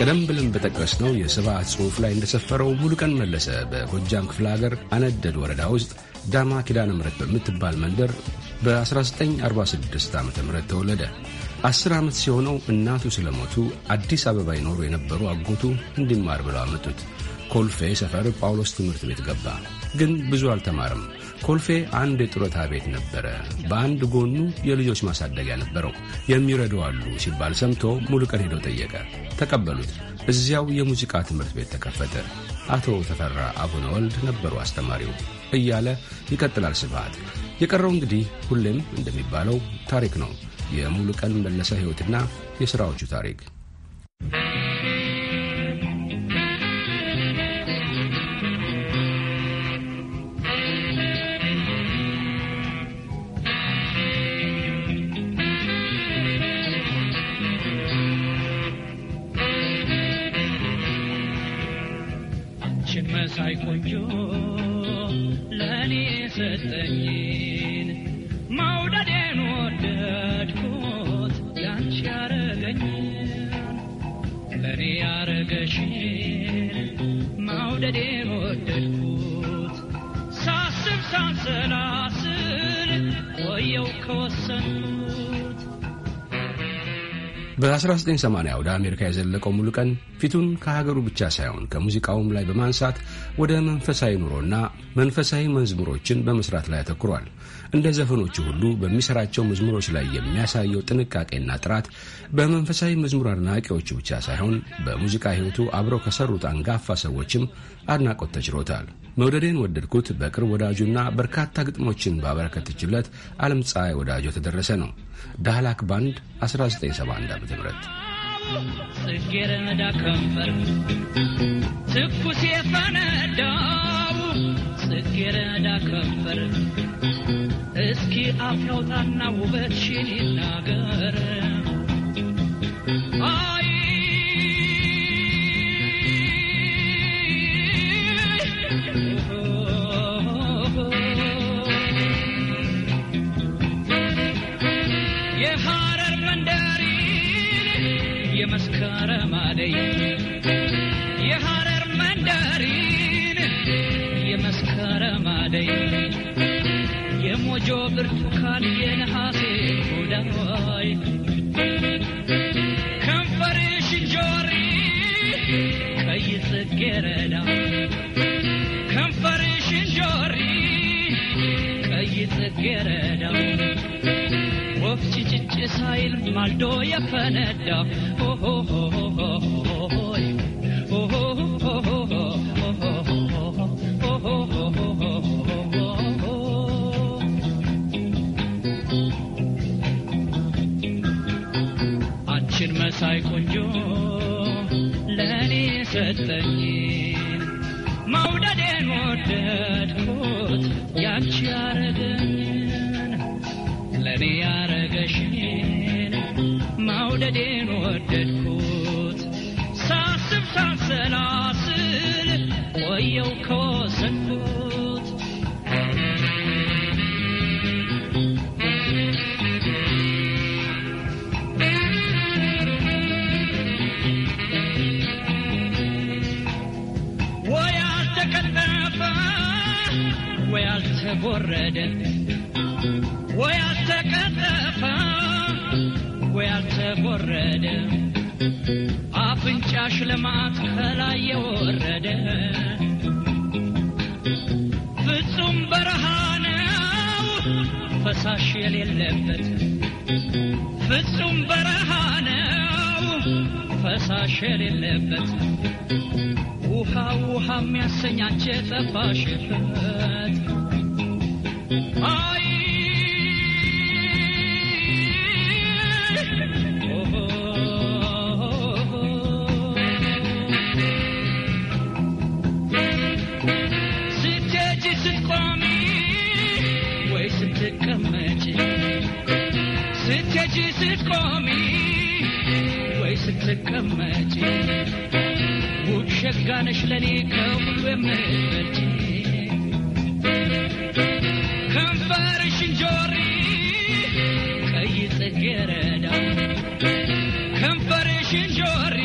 ቀደም ብለን በጠቀስነው የስብዓት ጽሑፍ ላይ እንደሰፈረው ሙሉቀን መለሰ በጎጃም ክፍለ ሀገር አነደድ ወረዳ ውስጥ ዳማ ኪዳነ ምረት በምትባል መንደር በ1946 ዓ ም ተወለደ። አስር ዓመት ሲሆነው እናቱ ስለሞቱ አዲስ አበባ ይኖሩ የነበሩ አጎቱ እንዲማር ብለው አመጡት። ኮልፌ ሰፈር ጳውሎስ ትምህርት ቤት ገባ። ግን ብዙ አልተማርም። ኮልፌ አንድ የጡረታ ቤት ነበረ። በአንድ ጎኑ የልጆች ማሳደጊያ ነበረው። የሚረዱ አሉ ሲባል ሰምቶ ሙሉቀን ሄደው ጠየቀ። ተቀበሉት። እዚያው የሙዚቃ ትምህርት ቤት ተከፈተ። አቶ ተፈራ አቡነ ወልድ ነበሩ አስተማሪው እያለ ይቀጥላል ስብሃት። የቀረው እንግዲህ ሁሌም እንደሚባለው ታሪክ ነው። የሙሉቀን መለሰ ሕይወትና የሥራዎቹ ታሪክ መውደድ የወደድኩት ሳስብ ሳንሰላስል ከወሰኑት። በ1980 ወደ አሜሪካ የዘለቀው ሙሉቀን ፊቱን ከሀገሩ ብቻ ሳይሆን ከሙዚቃውም ላይ በማንሳት ወደ መንፈሳዊ ኑሮና መንፈሳዊ መዝሙሮችን በመስራት ላይ አተኩሯል። እንደ ዘፈኖቹ ሁሉ በሚሰራቸው መዝሙሮች ላይ የሚያሳየው ጥንቃቄና ጥራት በመንፈሳዊ መዝሙር አድናቂዎቹ ብቻ ሳይሆን በሙዚቃ ሕይወቱ አብረው ከሰሩት አንጋፋ ሰዎችም አድናቆት ተችሮታል። መውደዴን ወደድኩት በቅርብ ወዳጁና በርካታ ግጥሞችን ባበረከተችለት ዓለም ፀሐይ ወዳጁ የተደረሰ ነው። ዳህላክ ባንድ 1971 ዓ ም ጽጌረዳ ከንፈር ትኩስ የፈነዳው ጽጌረዳ ከንፈር እስኪ አፍ ያውጣና ውበትሽን ይናገር። የሐረር መንደሪን የመስከረም አደይ የሐረር መንደሪን የመስከረም አደይ ሞጆ ብርቱካን የነሐሴ ሆዳዋይ ከንፈርሽ እንጆሪ ቀይ ጽጌረዳ ከንፈርሽ እንጆሪ ቀይ ጽጌረዳ ወፍ ጭጭጭ ሳይል ማልዶ የፈነዳ Oh, ችን መሳይ ቆንጆ ለእኔ ሰጠኝ መውደዴን ወደድኩት ያንቺ ያረገኝን ለእኔ ያረገሽን መውደዴን ወደድኩት ሳስብ ሳንሰላስል ቆየው ከወሰንኩት ወረደ ወይ አልተቀጠፈ ወይ አልተቆረደ አፍንጫሽ ልማት ከላይ የወረደ ፍጹም በረሃ ነው ፈሳሽ የሌለበት ፍጹም በረሃ ነው ፈሳሽ የሌለበት ውሃ ውሃ የሚያሰኛች የጠፋሽበት ሸጋነሽ ለኔ ከሁሉ የምትበልጪ ከንፈርሽን ጆሪ ቀይ ጽጌረዳ ከንፈርሽን ጆሪ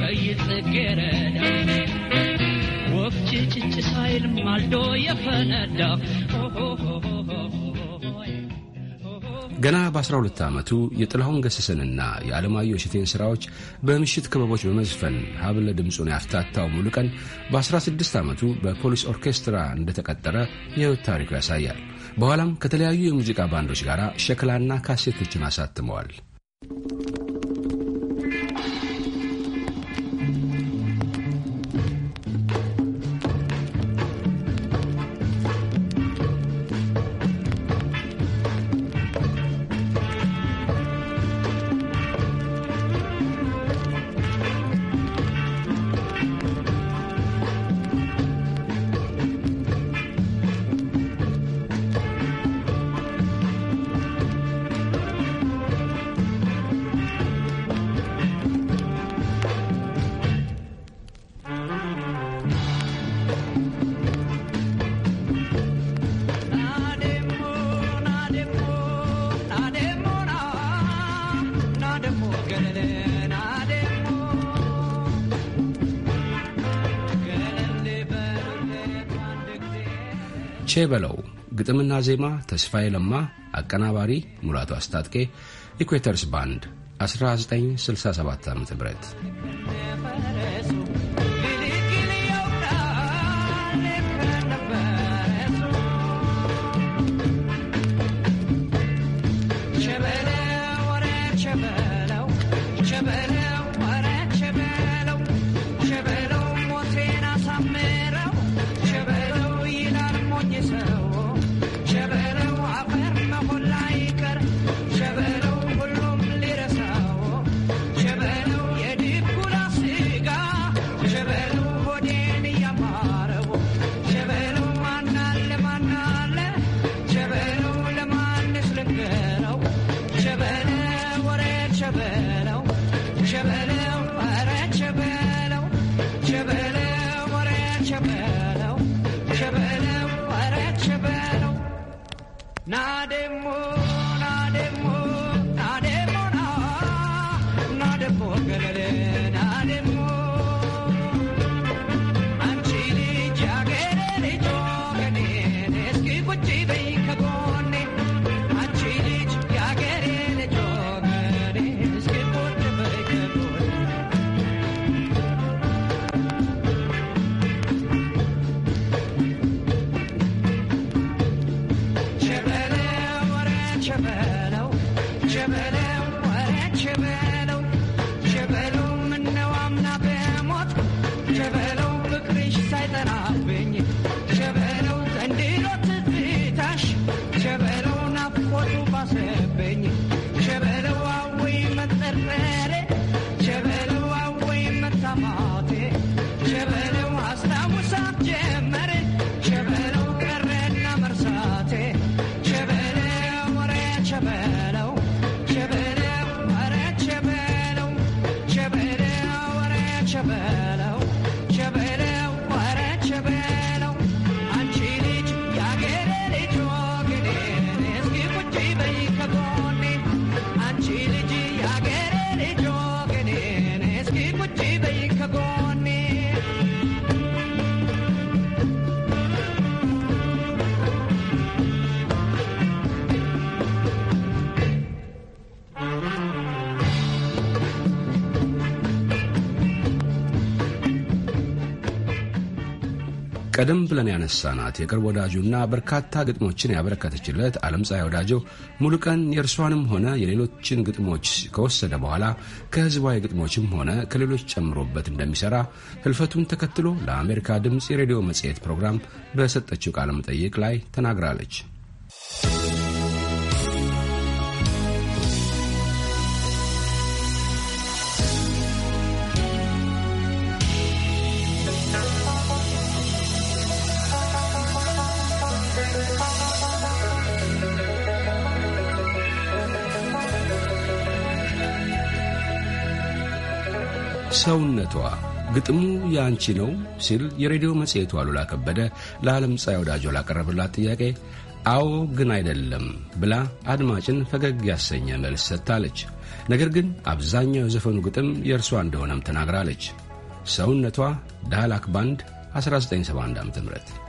ቀይ ጽጌረዳ ወፍጭ ጭጭ ሳይል ማልዶ የፈነዳ ገና በ12 ዓመቱ የጥላሁን ገሰሰንና የዓለማየሁ እሸቴን ሥራዎች በምሽት ክበቦች በመዝፈን ሀብለ ድምፁን ያፍታታው ሙሉቀን በ16 ዓመቱ በፖሊስ ኦርኬስትራ እንደተቀጠረ የሕይወት ታሪኩ ያሳያል። በኋላም ከተለያዩ የሙዚቃ ባንዶች ጋር ሸክላና ካሴቶችን አሳትመዋል። ቼ በለው ግጥምና ዜማ ተስፋዬ ለማ፣ አቀናባሪ ሙላቱ አስታጥቄ፣ ኢኩዌተርስ ባንድ 1967 ዓ.ም moon, I didn't ቀደም ብለን ያነሳናት የቅርብ ወዳጁና በርካታ ግጥሞችን ያበረከተችለት ዓለም ፀሐይ ወዳጀው ሙሉቀን የእርሷንም ሆነ የሌሎችን ግጥሞች ከወሰደ በኋላ ከህዝባዊ ግጥሞችም ሆነ ከሌሎች ጨምሮበት እንደሚሠራ ህልፈቱን ተከትሎ ለአሜሪካ ድምፅ የሬዲዮ መጽሔት ፕሮግራም በሰጠችው ቃለ መጠይቅ ላይ ተናግራለች። ሰውነቷ ግጥሙ የአንቺ ነው ሲል የሬዲዮ መጽሔቱ አሉላ ከበደ ለዓለም ፀሐይ ወዳጆ ላቀረብላት ጥያቄ አዎ ግን አይደለም ብላ አድማጭን ፈገግ ያሰኘ መልስ ሰጥታለች። ነገር ግን አብዛኛው የዘፈኑ ግጥም የእርሷ እንደሆነም ተናግራለች። ሰውነቷ ዳህላክ ባንድ 1971 ዓ ም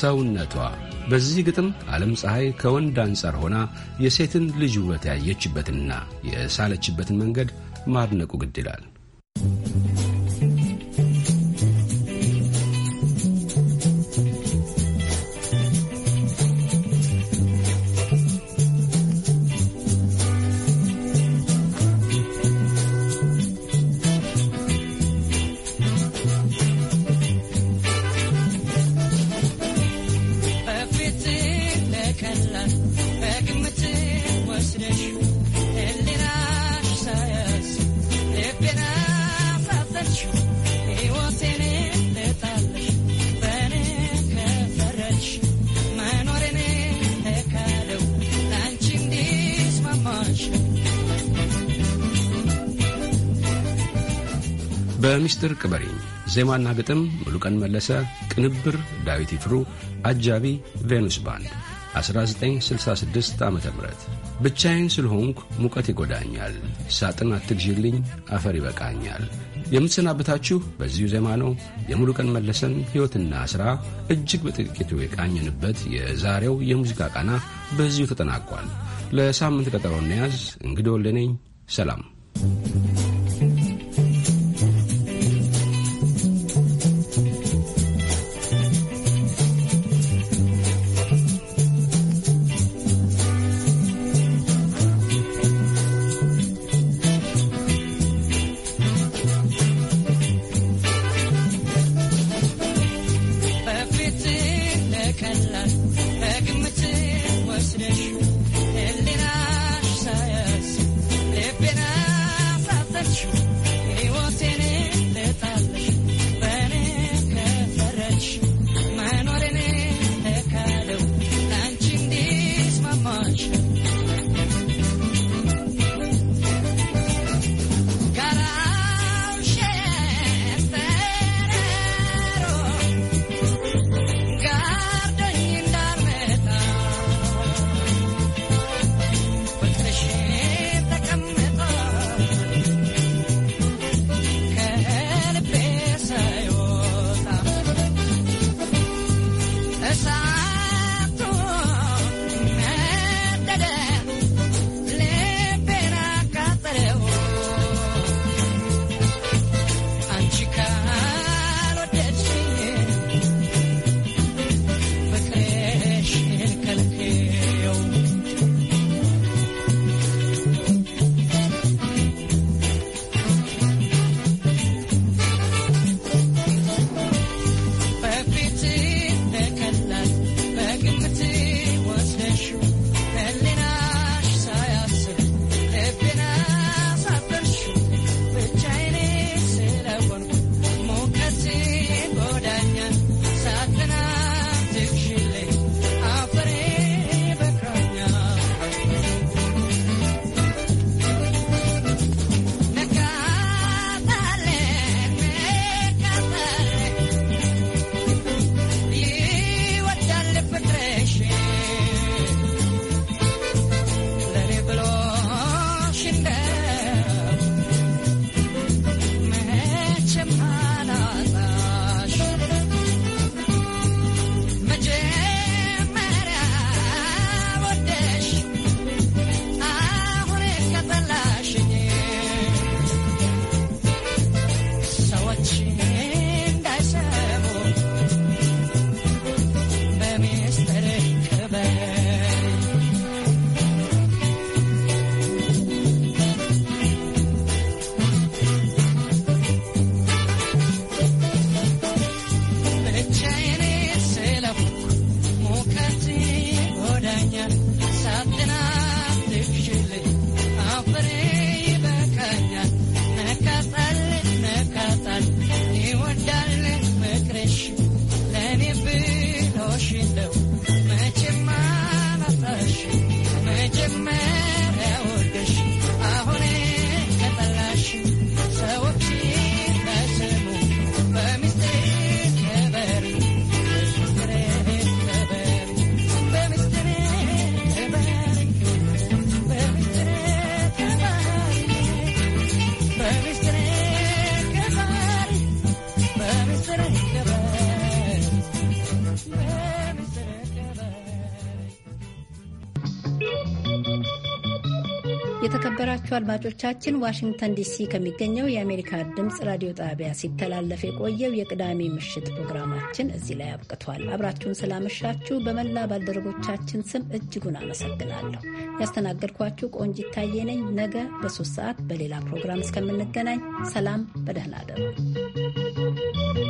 ሰውነቷ በዚህ ግጥም ዓለም ፀሐይ ከወንድ አንጻር ሆና የሴትን ልጅ ውበት ያየችበትንና የሳለችበትን መንገድ ማድነቁ ግድ ይላል። ሚስጥር ቅበሬኝ፣ ዜማና ግጥም ሙሉቀን መለሰ፣ ቅንብር ዳዊት ይፍሩ፣ አጃቢ ቬኑስ ባንድ 1966 ዓ ም ብቻዬን ስለሆንኩ ሙቀት ይጎዳኛል፣ ሳጥን አትግዢልኝ፣ አፈር ይበቃኛል። የምትሰናበታችሁ በዚሁ ዜማ ነው። የሙሉቀን መለሰን ሕይወትና ሥራ እጅግ በጥቂቱ የቃኘንበት የዛሬው የሙዚቃ ቃና በዚሁ ተጠናቋል። ለሳምንት ቀጠሮ እንያዝ። እንግዶ ወልደነኝ ሰላም አድማጮቻችን ዋሽንግተን ዲሲ ከሚገኘው የአሜሪካ ድምፅ ራዲዮ ጣቢያ ሲተላለፍ የቆየው የቅዳሜ ምሽት ፕሮግራማችን እዚህ ላይ አብቅቷል። አብራችሁን ስላመሻችሁ በመላ ባልደረቦቻችን ስም እጅጉን አመሰግናለሁ። ያስተናገድኳችሁ ቆንጅ ይታየነኝ። ነገ በሶስት ሰዓት በሌላ ፕሮግራም እስከምንገናኝ ሰላም፣ በደህና አደሩ።